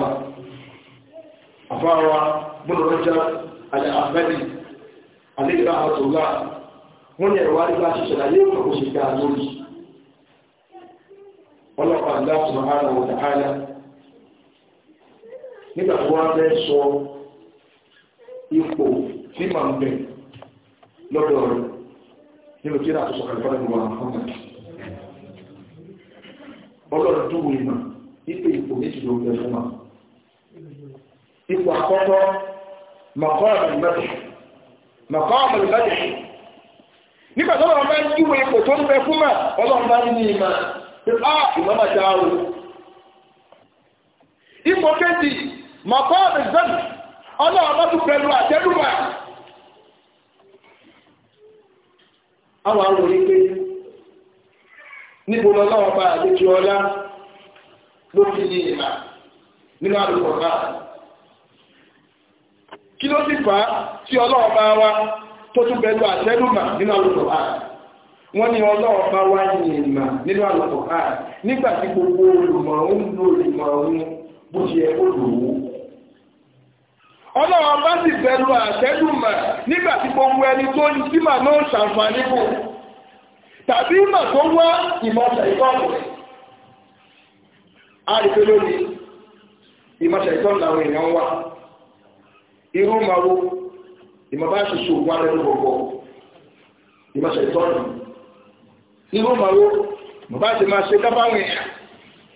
àfa wa gbọ́dọ̀ rọ́jà àlẹ́ àfẹ́lì àlẹ́ ìgbà àtọ̀gá wọ́n yẹ̀rọ wá nípa ṣiṣẹ́ láyé ìfọ̀kọ́ ṣe dáa lórí ọlọ́pàá subhanahu wa ta'ala nígbà tó wá fẹ́ sọ ipò tí màá ń bẹ̀ lọ́dọ̀ rẹ̀ nínú kí láti sọ̀rọ̀ ìfọ́nà ìwà àfọ́nà ọlọ́run tó ìmọ̀ ipò ipò ń bẹ fún wa ipò ń bá ní ìmọ̀ ipò ọlọ́run bá tún pẹ̀lú awa àwọn àwọn orípe níbo lọ́lọ́run bá àlejò ọlá ló fi ìlà nínú náà kí ló ti fà á tí ọlọ́run bá wá tó tún pẹ̀lú àtẹ́lùmà nínú àlùkò náà wọ́n ní wá ní gbogbo olùmọ̀ ń ìmọ̀ bó ọlọ́run bá sì bẹ̀rù àtẹ́dùmọ̀ nígbà tí gbogbo ẹni tó ní sí màá náà ṣàǹfààní tàbí ìmọ̀ tó wá ìmọ̀ṣẹ̀ ìtọ́nù ìmọ̀ṣẹ̀ ìtọ́nù làwọn èèyàn wà irú ṣoṣo wà lẹ́nu gbogbo ìmọ̀ṣẹ̀ ìtọ́nù irú ṣe máa ṣe dábàwọn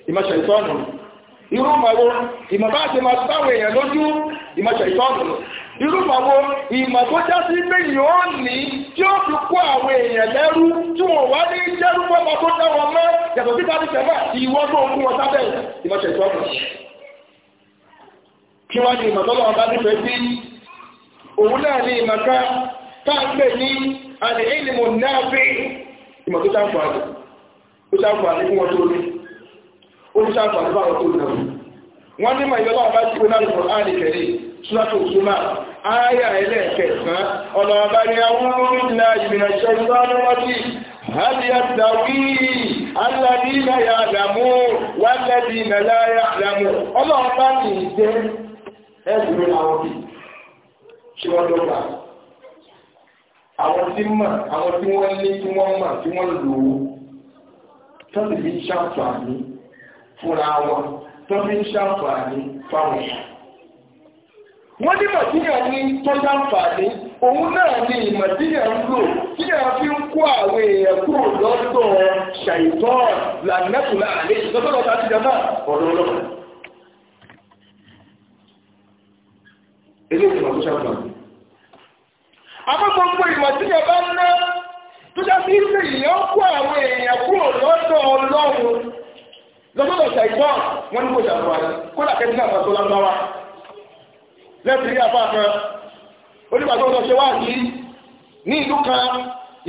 ìmọ̀ṣẹ̀ ìtọ́nù irú ṣe máa ìmọ̀ṣẹ̀ ìtọ́nù lọ. irúfà wo ìmọ̀ tó já sí pé yóò ní tí ó fi kó àwọn èèyàn lẹ́rú tí wọ́n wá ní jẹ́rú fọ́mọ tó dá wọn mọ́ yàtọ̀ sí tàbí tẹ̀mọ́ ìwọ́ tó kú wọn sábẹ́ ìmọ̀ṣẹ̀ ìtọ́nù. kí wọ́n ní ìmọ̀ tó lọ́wọ́ bá nífẹ̀ẹ́ sí òun náà ní ìmọ̀ kan tá à ń pè ní àlè ìlìmọ̀ náà fi ìmọ̀ tó wọ́n ní màá yọlọ́wọ́ bá ti gbóná lọ́wọ́ àlìkẹ̀rẹ́ ṣúlọ́tò ṣúlá ayà ẹlẹ́ẹ̀kẹ̀sán ọlọ́ọ̀bá ni àwọn orílẹ̀ ìgbìnà ṣẹ́gbọ́n lọ́wọ́dí hàbí àtàwí aládìílẹ̀ yàdàmú wálẹ́dìílẹ̀ láyàdàmú ọlọ́ọ̀bá ní ìjẹ́ ẹgbẹ̀rún àwọn bí tó fi ń ṣàǹfààní fáwọn èèyàn. wọ́n ní màtíyà ní tó ṣàǹfààní òun náà ni ìmàtíyà ń lò tí a fi ń kó àwọn èèyàn kúrò lọ́dọ̀ ṣàìtọ́ làǹdẹ́kùnlá àlẹ́ ìtọ́sọ́dọ̀ tá a ti jẹ náà ilé ìgbìmọ̀ tó ń ná lọ́sọ̀dọ̀ ṣàìgbọ́ wọn ní kò ṣàfùwà ní kódà kẹ́tí náà sọ́tọ́ lágbára lẹ́sìn rí apá kan onígbàgbọ́ lọ ṣe wáàdí ní ìlú kan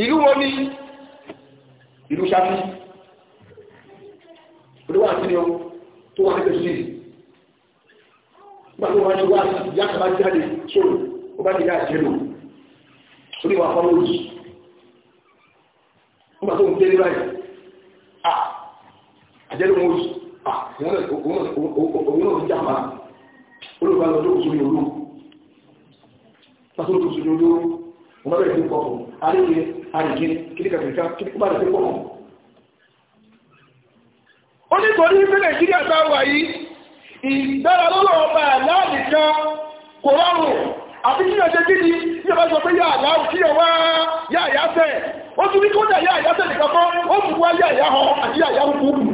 ìlú wo ni ìlú ṣáfi oníwàdí ni ó tó wà nípa sí nígbà tó wà ní wáàdí ìyá kan bá jáde sóòrò ó bá ti yá àjẹlò oníwà fọlọ́ọ̀jì nígbà tó ń délé báyìí àjẹ́lú wọn yìí òun náà ti jàmbá olùkọ́ àlọ́ lókùsù ní olú pàtàkì lókùsù ní olú wọn bá bẹ̀rẹ̀ sí pọ̀ fún àríkè àríkè kíríkàkíríkà kíríkà bá rẹ̀ sí pọ̀ fún. ó ní torí pé nàìjíríà tá a wà yìí ìgbára lọ́wọ́ ọba àláàdì kan kò rọrùn àti kí ọjọ́ kí ni bí ọba sọ pé yá àláwù kí ọwá yá àyáfẹ́ ó tún ní kó dà yá àyáfẹ́ nìkan kan ó tún wá yá àyáhọ àti àyáhùn kúrú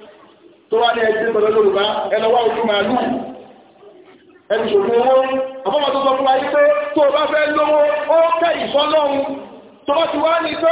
tó wá ní ẹgbẹ́ pẹ̀lú Yorùbá ẹlọ́wà ojú màálù ẹni ṣòfò owó tó sọ fún ayé pé tó bá fẹ́ lówó ó kẹ́ tó bá ti wá ní owó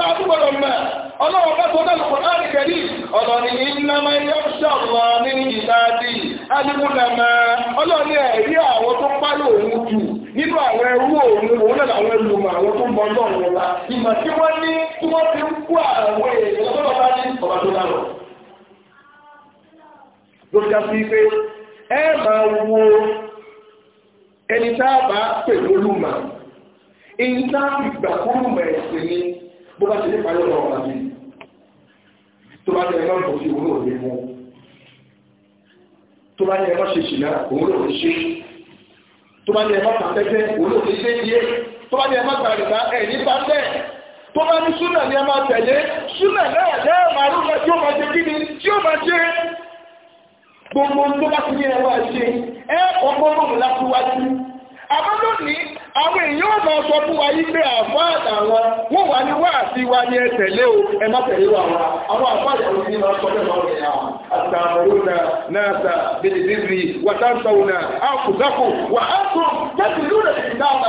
sáàtúgbọ̀dọ̀ mẹ́ ọlọ́wọ́ bá tó dánù kùnrin kẹrí ọ̀nà ni iná máa ń yọ́pṣọ́ lọ àwọn òun àwọn ẹrú òun àwọn tó ń bọ́ lọ́rùn ọ̀la ìmọ̀ tí wọ́n ní tí wọ́n ń kú àwọn èèyàn ní tó ló já sí pé ẹ máa wo ẹni tá a bá bó bá ṣe ní ìpàdé ọ̀rọ̀ ọ̀la mi tó bá ní ẹgbẹ́ ọ̀tọ̀ sí òun náà lè mú tó bá ní ẹgbẹ́ ṣe ṣìlá òun náà lè ṣe tó bá ní ẹgbẹ́ pàtẹ́tẹ́ òun náà lè ṣe díẹ̀ tó bá ní ẹgbẹ́ gbàgbà ẹ̀ ní pàtẹ́ tó bá ní súnà ní ẹ máa tẹ̀lé súnà náà náà máa rú lọ tí ó máa ṣe kí ni tí ó máa ṣe gbogbo tó bá ti ní ẹ máa ṣe ẹ kọ̀ọ̀kan sọ fún wa yí pé àfá àtàwọn wọ́n wà ní wá àti wá ní ẹ̀tẹ̀lé o ẹ má tẹ̀lé wa wa àwọn àfá àtàwọn ní máa sọ fẹ́ máa rẹ̀ ah, àwọn àtàmọ̀lónà náà sà bèdè bíbí wà tá ń sọ̀rọ̀ náà àkùzákù wà á tó jẹ́sì lónà ìdáwà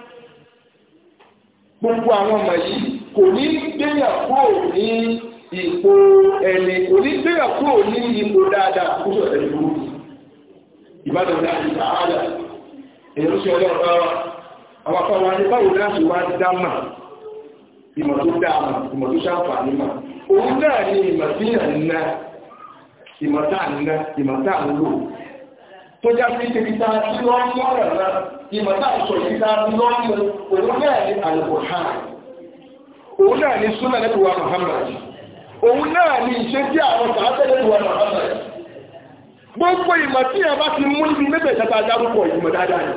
gbogbo àwọn ọmọ yìí kò ní gbéyàn kúrò ní ipò ẹni kò ní gbéyàn kúrò ní ipò dáadáa kó sọ ẹni kúrò ìbádọ̀ ní àti sàádà èyàn sí ọlọ́run bá wa àwọn afọwọ́ adé báwo láti wá dá mà ìmọ̀ tó dá mà ìmọ̀ tó ṣàǹfààní mà òun náà ni ìmọ̀ tí yàn ná ìmọ̀ tá ná ìmọ̀ tá ń lò tó já sí kékeré tí wọ́n mọ̀ràn náà ìmọ̀ náà sọ ìta lọ́mú òun náà ní Al-Qur'an òun náà ní súnà lẹ́tùwà Muhammad òun náà ní ìṣe tí àwọn sàátẹ́ lẹ́tùwà Muhammad gbogbo ìmọ̀ tí ẹ bá ti mú níbi mẹ́fẹ̀ẹ́ tata dárúkọ ìmọ̀ dáadáa ni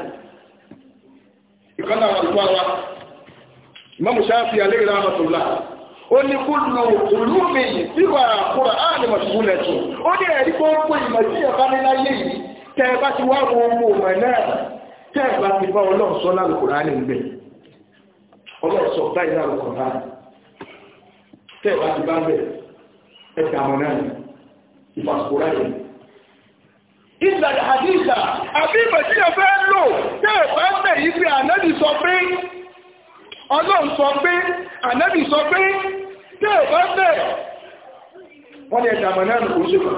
ìkọ́nà àwọn àlùfáà wa Imam Shafi alayhi rahmatullah ó ní kúlù òlú mi síwà àkúrà áàlì mọ̀tìkúlẹ̀ tó ó ní ẹ̀rí gbogbo ìmọ̀ tí ẹ bá tẹ́ ẹ̀ bá ti bá ọlọ́run sọ lálùkùrá ní ìgbẹ̀ ọlọ́run sọ báyìí lálùkùrá tẹ́ ẹ̀ bá ti bá bẹ̀ ẹ̀ dàmọ́ náà ìfàsùkùrá yìí ìgbàdà àdìsà àbí ìbẹ̀sí ẹ̀ fẹ́ lò tẹ́ ẹ̀ bá bẹ̀ yìí pé ànábì sọ pé ọlọ́run sọ pé ànábì sọ pé tẹ́ ẹ̀ bá bẹ̀ wọ́n ní ẹ̀ dàmọ́ kò ṣe wà.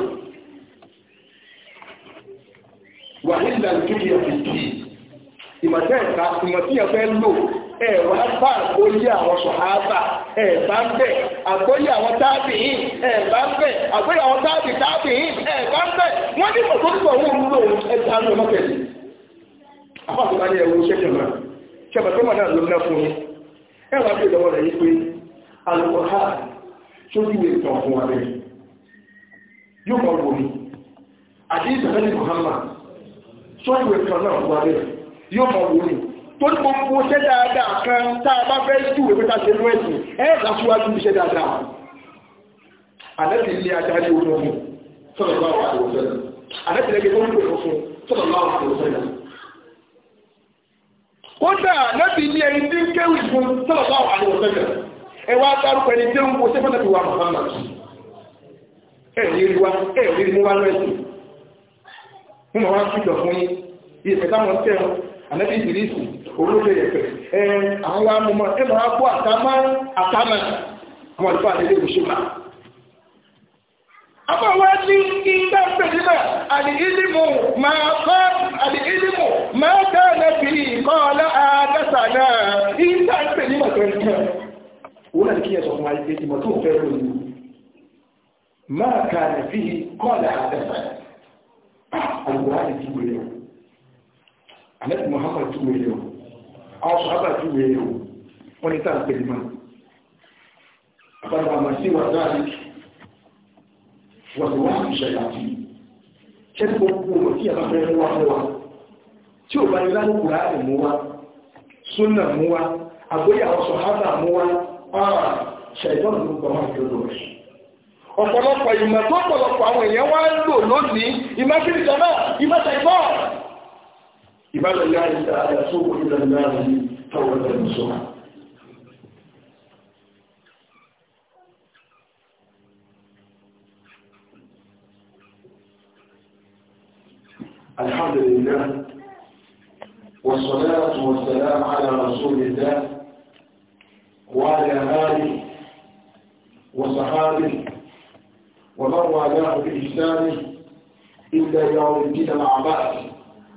wàhálà ìdíje àti ìdíje ìmọ̀tẹ́ ẹ̀ka ìmọ̀tíyàn fẹ́ lò ẹ̀wà bá àgbóyé àwọn sọ̀háábà ẹ̀bá bẹ̀ àgbóyé àwọn tábìín ẹ̀bá bẹ̀ àgbóyé àwọn tábì ẹ̀bá bẹ̀ wọ́n ní mọ̀tò nípa owó ń ẹ̀bá ló mọ́tẹ̀lì yóò mọ̀ wò ní tó ní gbogbo ṣẹ́ dáadáa kan tá a bá fẹ́ jù wípé ta ṣe ló ẹ̀sìn ẹ̀ lásìwájú ṣẹ́ dáadáa àlẹ́sì ilé adarí olómi sọ̀rọ̀ bá wà lọ́sẹ̀lẹ̀ àlẹ́sì lẹ́gbẹ̀ẹ́ tó ń pè fún sọ̀rọ̀ bá wà lọ́sẹ̀lẹ̀ kódà lẹ́bí ilé ẹni tí ń kéwì fún sọ̀rọ̀ bá wà lọ́sẹ̀lẹ̀ ẹ wá dárúkọ ẹni tí ń wo ṣé pàtàkì wà Muhammad ẹ rí rí wa ẹ rí rí wá lọ́sẹ̀ fún màá wá kíjọ fún yín ìfẹ́ táwọn tẹ̀ ànábì ìdírísì olóògbé ẹ̀fẹ̀ ẹ àwọn amọ̀mọ ẹ máa kó àtàmà àtàmà àwọn àlùfáà nílé ìwòsàn náà. Àbọ̀ wá ní ìgbà pẹ̀lúmọ̀ àdìílìmù máa kọ́ àdìílìmù máa dáná fi ìkọ́ aláàdásà náà ìgbà pẹ̀lúmọ̀ pẹ̀lúmọ̀. Wọ́n náà kí ẹ̀sọ̀ fún àìsí ìmọ̀ tó fẹ́ lórí. Máa kà ní fi ìkọ́ aláàdásà. Ah, àlùkò láti ti wèrè. àlẹ́kùn Muhammad júwe rẹ̀ o àwọn sọ̀hábà júwe rẹ̀ o wọ́n ní táà pẹ̀lú mọ́ àbájá àmà sí wà gbogbo ọmọ tí yàrá fẹ́ wá fún wa tí ò bá ní láti kùrá rẹ̀ mú wa súnà mú wa àgbóyà àwọn sọ̀hábà mú wa ọ̀rọ̀ ṣẹ̀dọ́ ló gbọ́ wọn jọ rẹ̀ ọ̀pọ̀lọpọ̀ لماذا لا يسوق إلى الله توبة نصوحا الحمد لله والصلاة والسلام على رسول الله وعلى آله وصحابه ومن والاه بإحسانه إلا يوم الدين مع بعض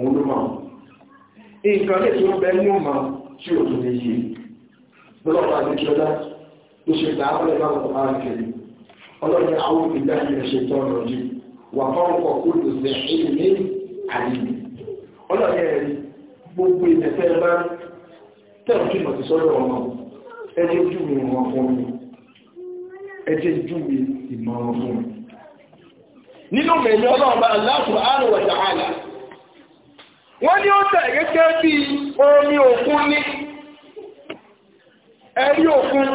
òun ló mọ̀ nǹkan lè tó bẹ ní ọmọ tí o tó lè yé lọ́wọ́ àti ìjọba ó ṣe gbà á lọ́wọ́ àwọn ọmọ àkẹ́lẹ́ ọlọ́run àwọn ìdájí rẹ̀ ṣe tọ́ ọ̀rọ̀ yìí wà fáwọn ọkọ̀ kó lè ṣe ilé àlejò ọlọ́run ẹ̀rí gbogbo ìtẹ̀tẹ̀ bá tẹ̀wọ́n nínú mẹ́lẹ́ ọlọ́run bá aláàfọ̀ àrùn wọ́n ní ó tẹ̀ gẹ́gẹ́ bí omi òkun ní ẹ̀rí òkun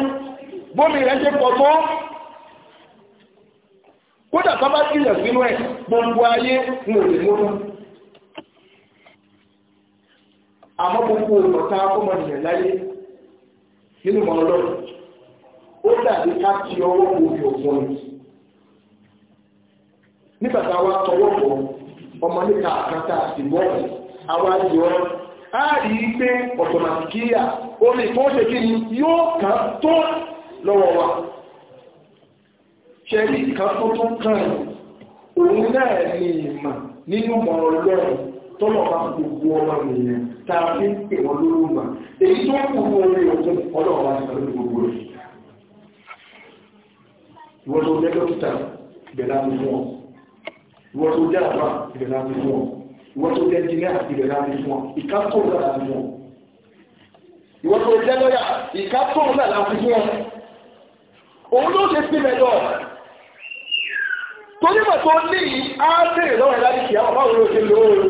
bómi rẹ̀ ṣe pọ̀ mọ́ kódà tó bá jìyàn sínú ẹ̀ gbogbo ayé ń lè múlò àmọ́ gbogbo ọ̀tá ọmọnìyàn láyé nínú mọ́ ọlọ́run ó dàbí ká ti ọwọ́ omi òkun nígbà táwa tọwọ́ ọmọ níta àwárí wọn a rí i pé ọ̀tọ̀màtíkíyà omi tó ṣe kí ni yóò kàn tó lọ́wọ́ wa ṣẹ̀rí kan tó tó kàn òun náà ní ìmọ̀ nínú mọ̀ ọlọ́run tọ́lọ̀ bá gbogbo ọmọ ènìyàn tá a fi ń pè wọ́n lórí mà èyí tó kù ní orí òkun ọlọ́run wá sí ọdún gbogbo rẹ̀ jẹ́ dókítà ìbẹ̀lá mi fún ìwọ́n tó jẹ́ jílẹ̀ ìbẹ̀ láti fún ọ ìka tó ń lára fún ọ ìwọ́n tó jẹ́ lọ́yà ìka tó ń lára fún ọ òun ló ṣe sí mẹ́lọ́ torípẹ̀ tó ní yìí á bèèrè lọ́wọ́ ìlànà ìkìyà ọ̀pá òun ló ṣe lóore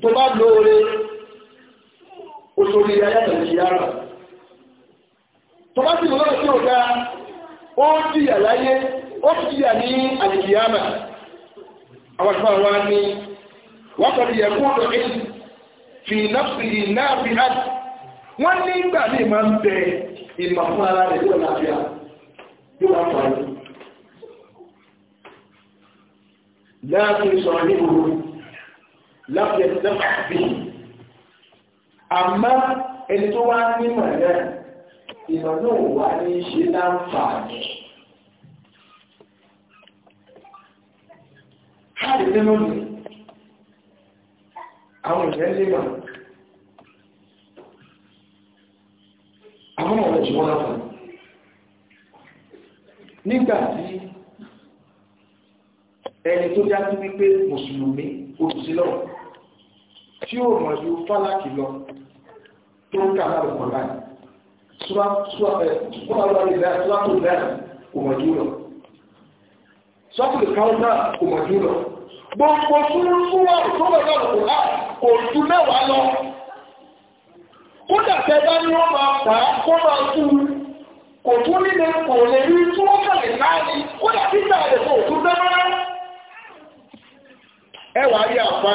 tó bá lóore òṣòrí ayáta ìkìyà rà tó bá sì lọ́wọ́ sí ọ̀gá ó jìyà láyé ó jìyà ní àìkìyà náà àwọn àgbà وقد يكون العلم في نفسه نافعا wọ́n ní ìgbà ní ìmọ̀ ń bẹ ìmọ̀ fún ara rẹ̀ yóò láfíà yóò wá fàájú láàrín sọ̀rọ̀ ní ìwò láfíà ti dáfà bí àmá ẹni tó wá ní ìmọ̀ rẹ̀ ìmọ̀ náà wà ní ṣe láǹfààní káàdì nínú àwọn èèyàn lè mà àwọn ọmọ ọ̀rẹ́ jù wọ́n lọ́fà nígbà tí ẹni tó dájú wípé mùsùlùmí olùsílọ̀ tí ó mọ̀ ju fálákì lọ tó ń kà láàrùn kan láì súwá lọ́wọ́ ìlà súwá tó lẹ́yìn kò mọ̀ jù lọ sọ́kùnrin káwọn náà kò mọ̀ jù lọ gbogbo súnmọ́ tó wà lọ́wọ́ kò ju mẹ́wàá lọ kódà tẹ́gbá ni wọ́n máa gbà á kó máa tú kò tún nílé kò lè rí tí wọ́n kàlè láàrin kódà títà rẹ̀ kò tún dáná. ẹ wàá rí àfa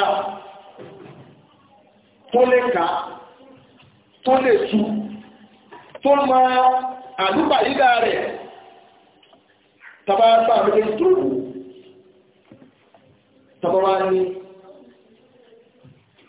tó lè kà tó lè tu tó máa àdúgbàyídà rẹ̀ tàbá bá àbẹ̀lẹ̀ tó wù tàbá wá ní.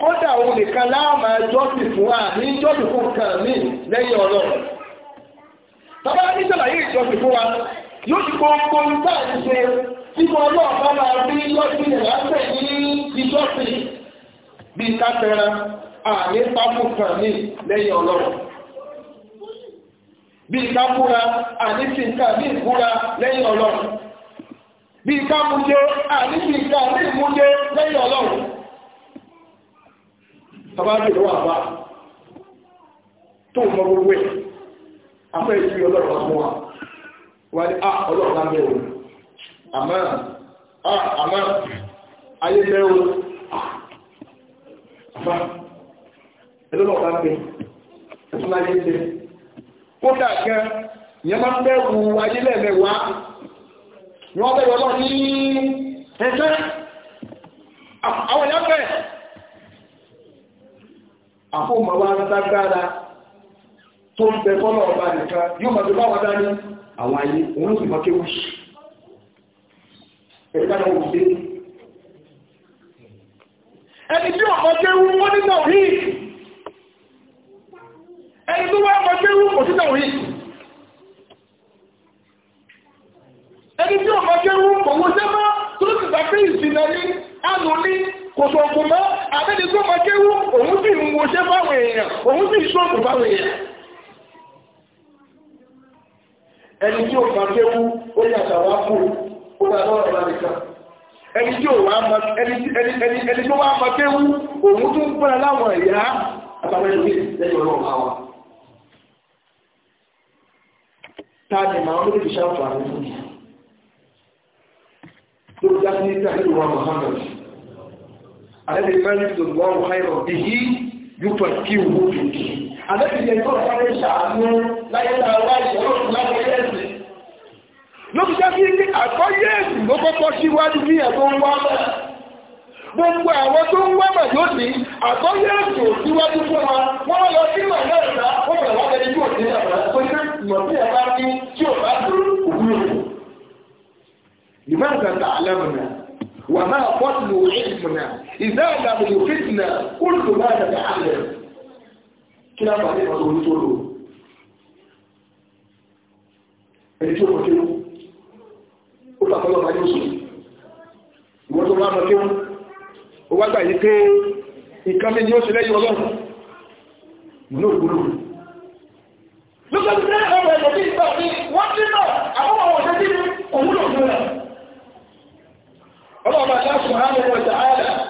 kódà òun nìkan láàmà jọ́sìn fún wa ní jọ́sìn fún kan mí lẹ́yìn ọlọ́run tọ́ba ní sàlàyé ìjọsìn fún wa yóò ti gbogbo nígbà ìṣe tí mo náà bá máa rí lọ́sìn ìránṣẹ́ ní ìjọsìn bíi kápẹ́ra àní pápú kan mí lẹ́yìn ọlọ́run bíi kápúra àní fi nǹkan mí ìkúra lẹ́yìn ọlọ́run bíi kámúdé àní fi nǹkan mí ìmúdé lẹ́yìn ọlọ́run tọ́bájì lọ́wọ́ àbá tó mọ gbogbo ẹ̀ afẹ́ ìfi ọlọ́run àwọn wa wà ní ah, ọlọ́run náà bẹ̀rù àmọ́ ah, àmọ́ ayé bẹ̀rù ah, àfá ẹlọ́run náà bẹ̀rù ẹ̀sùn ayé bẹ̀rù kódà gan ìyẹn máa ń bẹ̀rù ayé lẹ́ẹ̀mẹ̀wàá ni wọ́n bẹ̀rù ọlọ́run ní ẹ̀sẹ̀ àwọn ìyá bẹ̀rù àfóhùnmọ̀ wá látágbára tó ń fọ́lọ̀ ọba nìkan yóò mọ̀ tó bá àwọn ayé òun sì mọ́ kéwù ẹni tí ọ̀pọ̀ kéwù ó ní náà rí ẹni tó wá ọ̀pọ̀ kéwù kò sí òun sì ṣọ́ọ̀bù báwọn èèyàn ẹni tí ò máa kéwú ó yà sàwá kú ó bá lọ́wọ́ ọ̀la nìkan ẹni tí ò wá ma ẹni ẹni ẹni ẹni tó wá ma kéwú òun tún gbọ́ra láwọn ẹ̀yà àtàwọn ẹni lẹ́yìn ọlọ́run àwọn. táàdì máa ń lórí ìṣàǹfààní fún yìí ló dá sí ní tàbí ìwà Muhammad alẹ́ lè fẹ́ẹ́ ní tòlùwọ́ ọ̀hún yóò kí o wó kìkì. Àbẹ́bìyẹ tó sáré ṣàánú láyé láwá ìṣòro láti ẹ̀sìn. Ló fi jẹ́ sí ní àkọ́yé ẹ̀sìn ló kọ́kọ́ síwájú bí ẹ̀tọ́ ń wá mẹ́. Gbogbo àwọn tó ń wá mẹ́ yóò ní àkọ́yé ẹ̀sìn ò síwájú fún wa. Wọ́n lọ sí màmá ẹ̀dá, ó bẹ̀rẹ̀ wá bẹni yóò ní ẹ̀rọ tó ní ìmọ̀ sí ẹ̀bá ní tí ò bá dúró òwúrò. Ìmọ̀ ìgbàgbà alẹ́ mọ̀nà, wà máa pọ́ ìdá àgbàmù yóò fìtìnà kúrùkù bá àgbà àlẹ̀ kí lápá ní ọdún orí tó lò ẹni tí ó kọ̀ kéwú ó tàkọ́lọ̀ bá yóò sùn ìwọ́n tó máa mọ̀ kéwú ó wá gbà yí pé nǹkan mi ni ó ṣe lẹ́yìn ọlọ́run mọ̀ náà gbúrú lókàtí ọmọ ẹ̀dọ̀ bí ìgbà mi wọ́n ti náà àwọn ọmọ ọ̀dẹ́ bí òun lò fún ẹ̀ ọlọ́run àti àṣùwọ̀n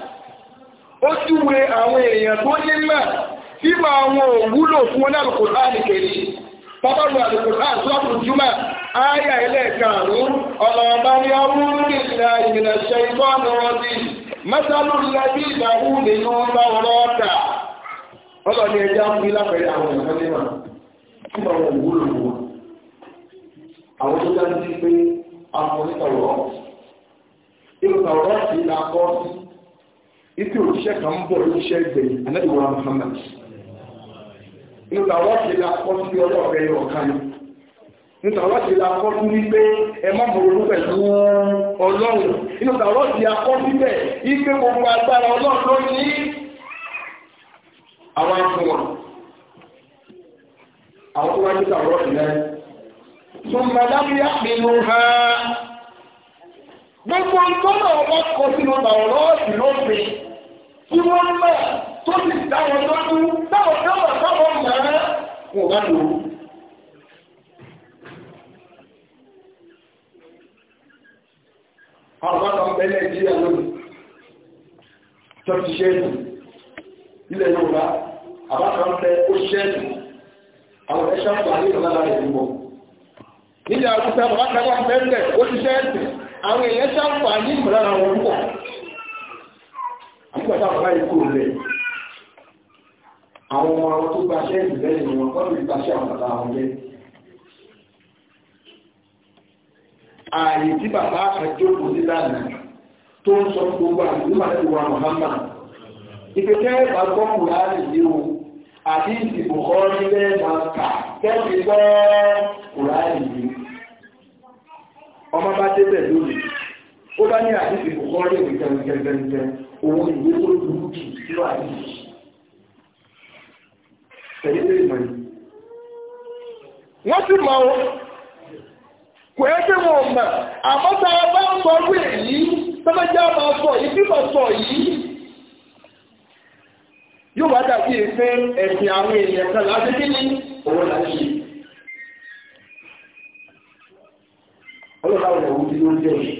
ó júwe àwọn èèyàn tó ní mẹ́ tí ma wọn ò wúlò fún wọn láàrùn a kèrè pápánu àdìkòtán sọ́pù júmọ̀ ayà ẹlẹ́ẹ̀kàrún ọ̀nà ọba ní ọmúrúnrì ìlà ìrìnà ṣe ikọ́ ọ̀nà wọn bí mẹ́sàlú nínú ọba ọ̀rọ̀ ọ̀tà ọlọ́ ní ẹja ń fi lápẹ̀rẹ̀ àwọn ìlànà tí ma wọn ò fún wọn àwọn tó pé àwọn ipe òṣìṣẹ́ kan ń bọ̀ lóṣìṣẹ́ ìgbẹ̀yìn anáìwọ̀n Muhammad nígbà wọ́n ti la kọ́ sí ọlọ́ọ̀bẹ yọ ọ̀kan ni nígbà wọ́n ti la kọ́ sí wípé ẹ má mọ olú pẹ̀lú ọlọ́run nígbà wọ́n ti la kọ́ síbẹ̀ ipe gbogbo agbára ọlọ́run ló ní àwọn afún wọn àwọn tó wá nígbà wọ́n ti lẹ́yìn. Sọ̀rọ̀ lábúyá pinnu ha gbogbo nǹkan náà wọ́n kọ sínú bàwọ̀ lọ́ọ̀sì lópin. tí wọ́n mọ̀ tó sì dáwọn lọ́dún táwọn káwọn káwọn mọ̀ ẹ́ kò bá lò ó. àwọn bàbá ọ̀gbẹ́ nàìjíríà lónìí tó ti ṣẹ́ẹ̀lì ilẹ̀ yorùbá àbáta ń bẹ ó àwọn rẹ̀ nílẹ̀ bẹ́ẹ̀ ó ti àwọn nígbàtà bàbá ikú rẹ̀ àwọn ọmọ àwọn tó gbaṣẹ́ ìbẹ̀rẹ̀ wọn kọ́ lè gbaṣẹ́ àwọn bàbá wọn jẹ́ ààyè tí bàbá àkàjókòó sí lánàá tó ń sọ gbogbo àdúgbò àti wa Muhammad ìpèkẹ́ ìgbàgbọ́ kùránì yìí o àti ìsìnkú kọ́ nílẹ̀ máa ó bá ní àdífi kò kọ́ léèwé jẹunjẹunjẹunjẹ òun ìwé tó dúró jù sílọ àdífi tẹ̀lé lè mọ̀ ní. wọ́n sì mọ̀ ọ́ kò yẹ kí wọ́n mọ̀ àmọ́ tá a bá ń sọ wí èyí tọ́lẹ́jà máa sọ yìí bí wọ́n sọ yìí yóò wá dàbí pé ẹ̀sìn àwọn èèyàn kan láti kí ni òun là ń ṣe. ọlọ́run àwọn ọ̀hún ti ló ń jẹ́ òṣèlú.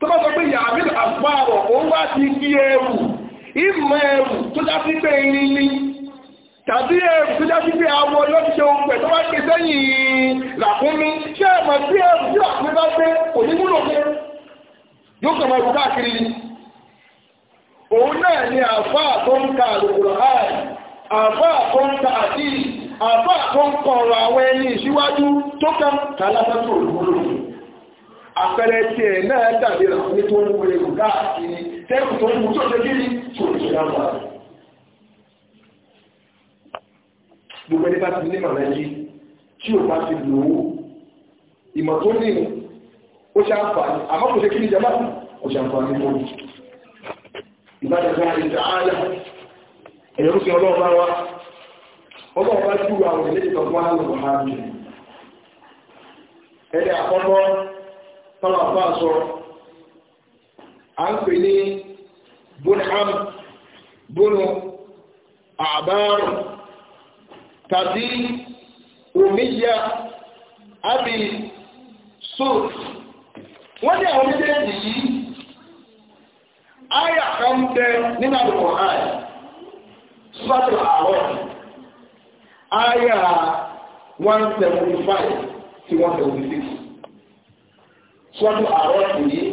tó bá sọ pé yàmí àgbàrọ̀ òun bá ti fi ẹrù ìmọ̀ ẹrù tó já sí pé irin ni tàbí ẹrù tó já sí pé awọ yóò ti ṣe ohun pẹ̀ tó bá ṣe sẹ́yìn làkúnmí ṣé ẹ sí ẹrù tí àkúnmí bá gbé kò ní múlò fún yóò kàn máa káàkiri ni òun náà ni àfáà tó ń ka àlùkùrọ̀ áì àfáà tó ń ka àdìs àfáà àwọn ẹni ìṣíwájú tó kàn kà lásán tó rù àpẹẹrẹ tí ẹ̀ náà dàbí rà ní tó ń wọlé kù káàkiri tẹ́kù tó ń mú tó ṣe kí ni tó ń ṣe dáwà. gbogbo ẹni bá ti ní màlájí tí ò bá ti lò ó ìmọ̀ tó ní ó ṣe àǹfààní àmọ́ kò ṣe kí ni jama ó ṣe àǹfààní tó ní. ìbádẹ́gbẹ́ àìsàn ààlà ẹ̀yọ́ sí ọlọ́run bá wá ọlọ́run bá jù àwọn ìlẹ́jì kan fún àwọn ọmọ táwọn afá sọ à ń pè ní bunham bunu àbáàrù tàbí omiya abi sùn wọ́n ní àwọn méjèèjì yìí áyà kan bẹ nínú àdùkọ àyà sọ́tò àárọ̀ áyà one sí one sọ́dún àárọ̀ yìí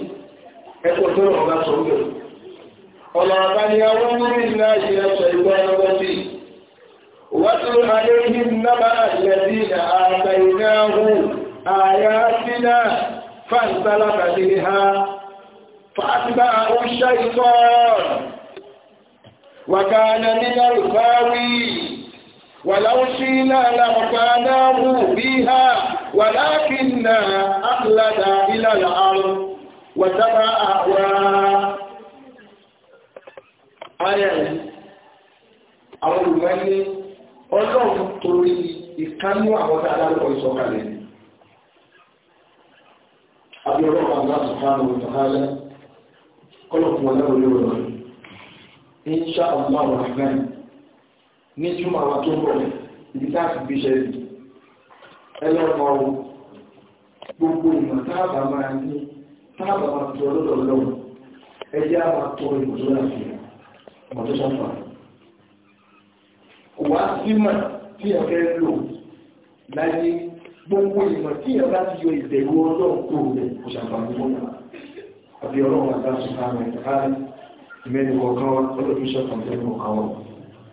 ẹkùn tó rọ̀ bá sọ wúlò ọ̀nà àbáníyàwó múrí ńlá yìí ẹ̀sọ̀ ìgbọ́ ẹlọ́wọ́ sí wàtúrú aléhì nábà àjẹ́bí ìdà àgbà ìnáhù àyà sínà fàǹtálà kàdé ha fàtìbà àwọn ṣáìtọ́ wàkàánà nínà rùfáwì ولو شينا لرفعناه بها ولكن أخلد إلى الأرض وتبع أهواء آية àwọn olùgbà ní ọlọ́run torí ìkánú àwọn aláwọ̀ ìsọ̀kalẹ̀ ni abiyọ̀rọ̀ àwọn àtùkánù ìtàkálẹ̀ kọlọ̀kùn aláwọ̀ lórí rẹ̀ ní túmọ̀ àwọn tó ń bọ̀ ibi tá a fi gbéṣẹ́ rí ẹlọ́mọ ọ̀hún gbogbo ìmọ̀ táàbà máa ní táàbà máa tó ọlọ́dọ̀ lọ́wọ́ ẹjẹ́ àwọn àtọ́ ìmọ̀ tó láti ọmọ tó sọ́fà kò wá símọ̀ tí ẹ fẹ́ lò láyé gbogbo ìmọ̀ tí ẹ bá ti yọ ìbẹ̀rù ọlọ́run kò rẹ̀ kò ṣàǹfààní wọn àbí ọlọ́run àgbà sọ̀rọ̀ àwọn ẹ̀ka mẹ́rin kọ̀ọ̀kan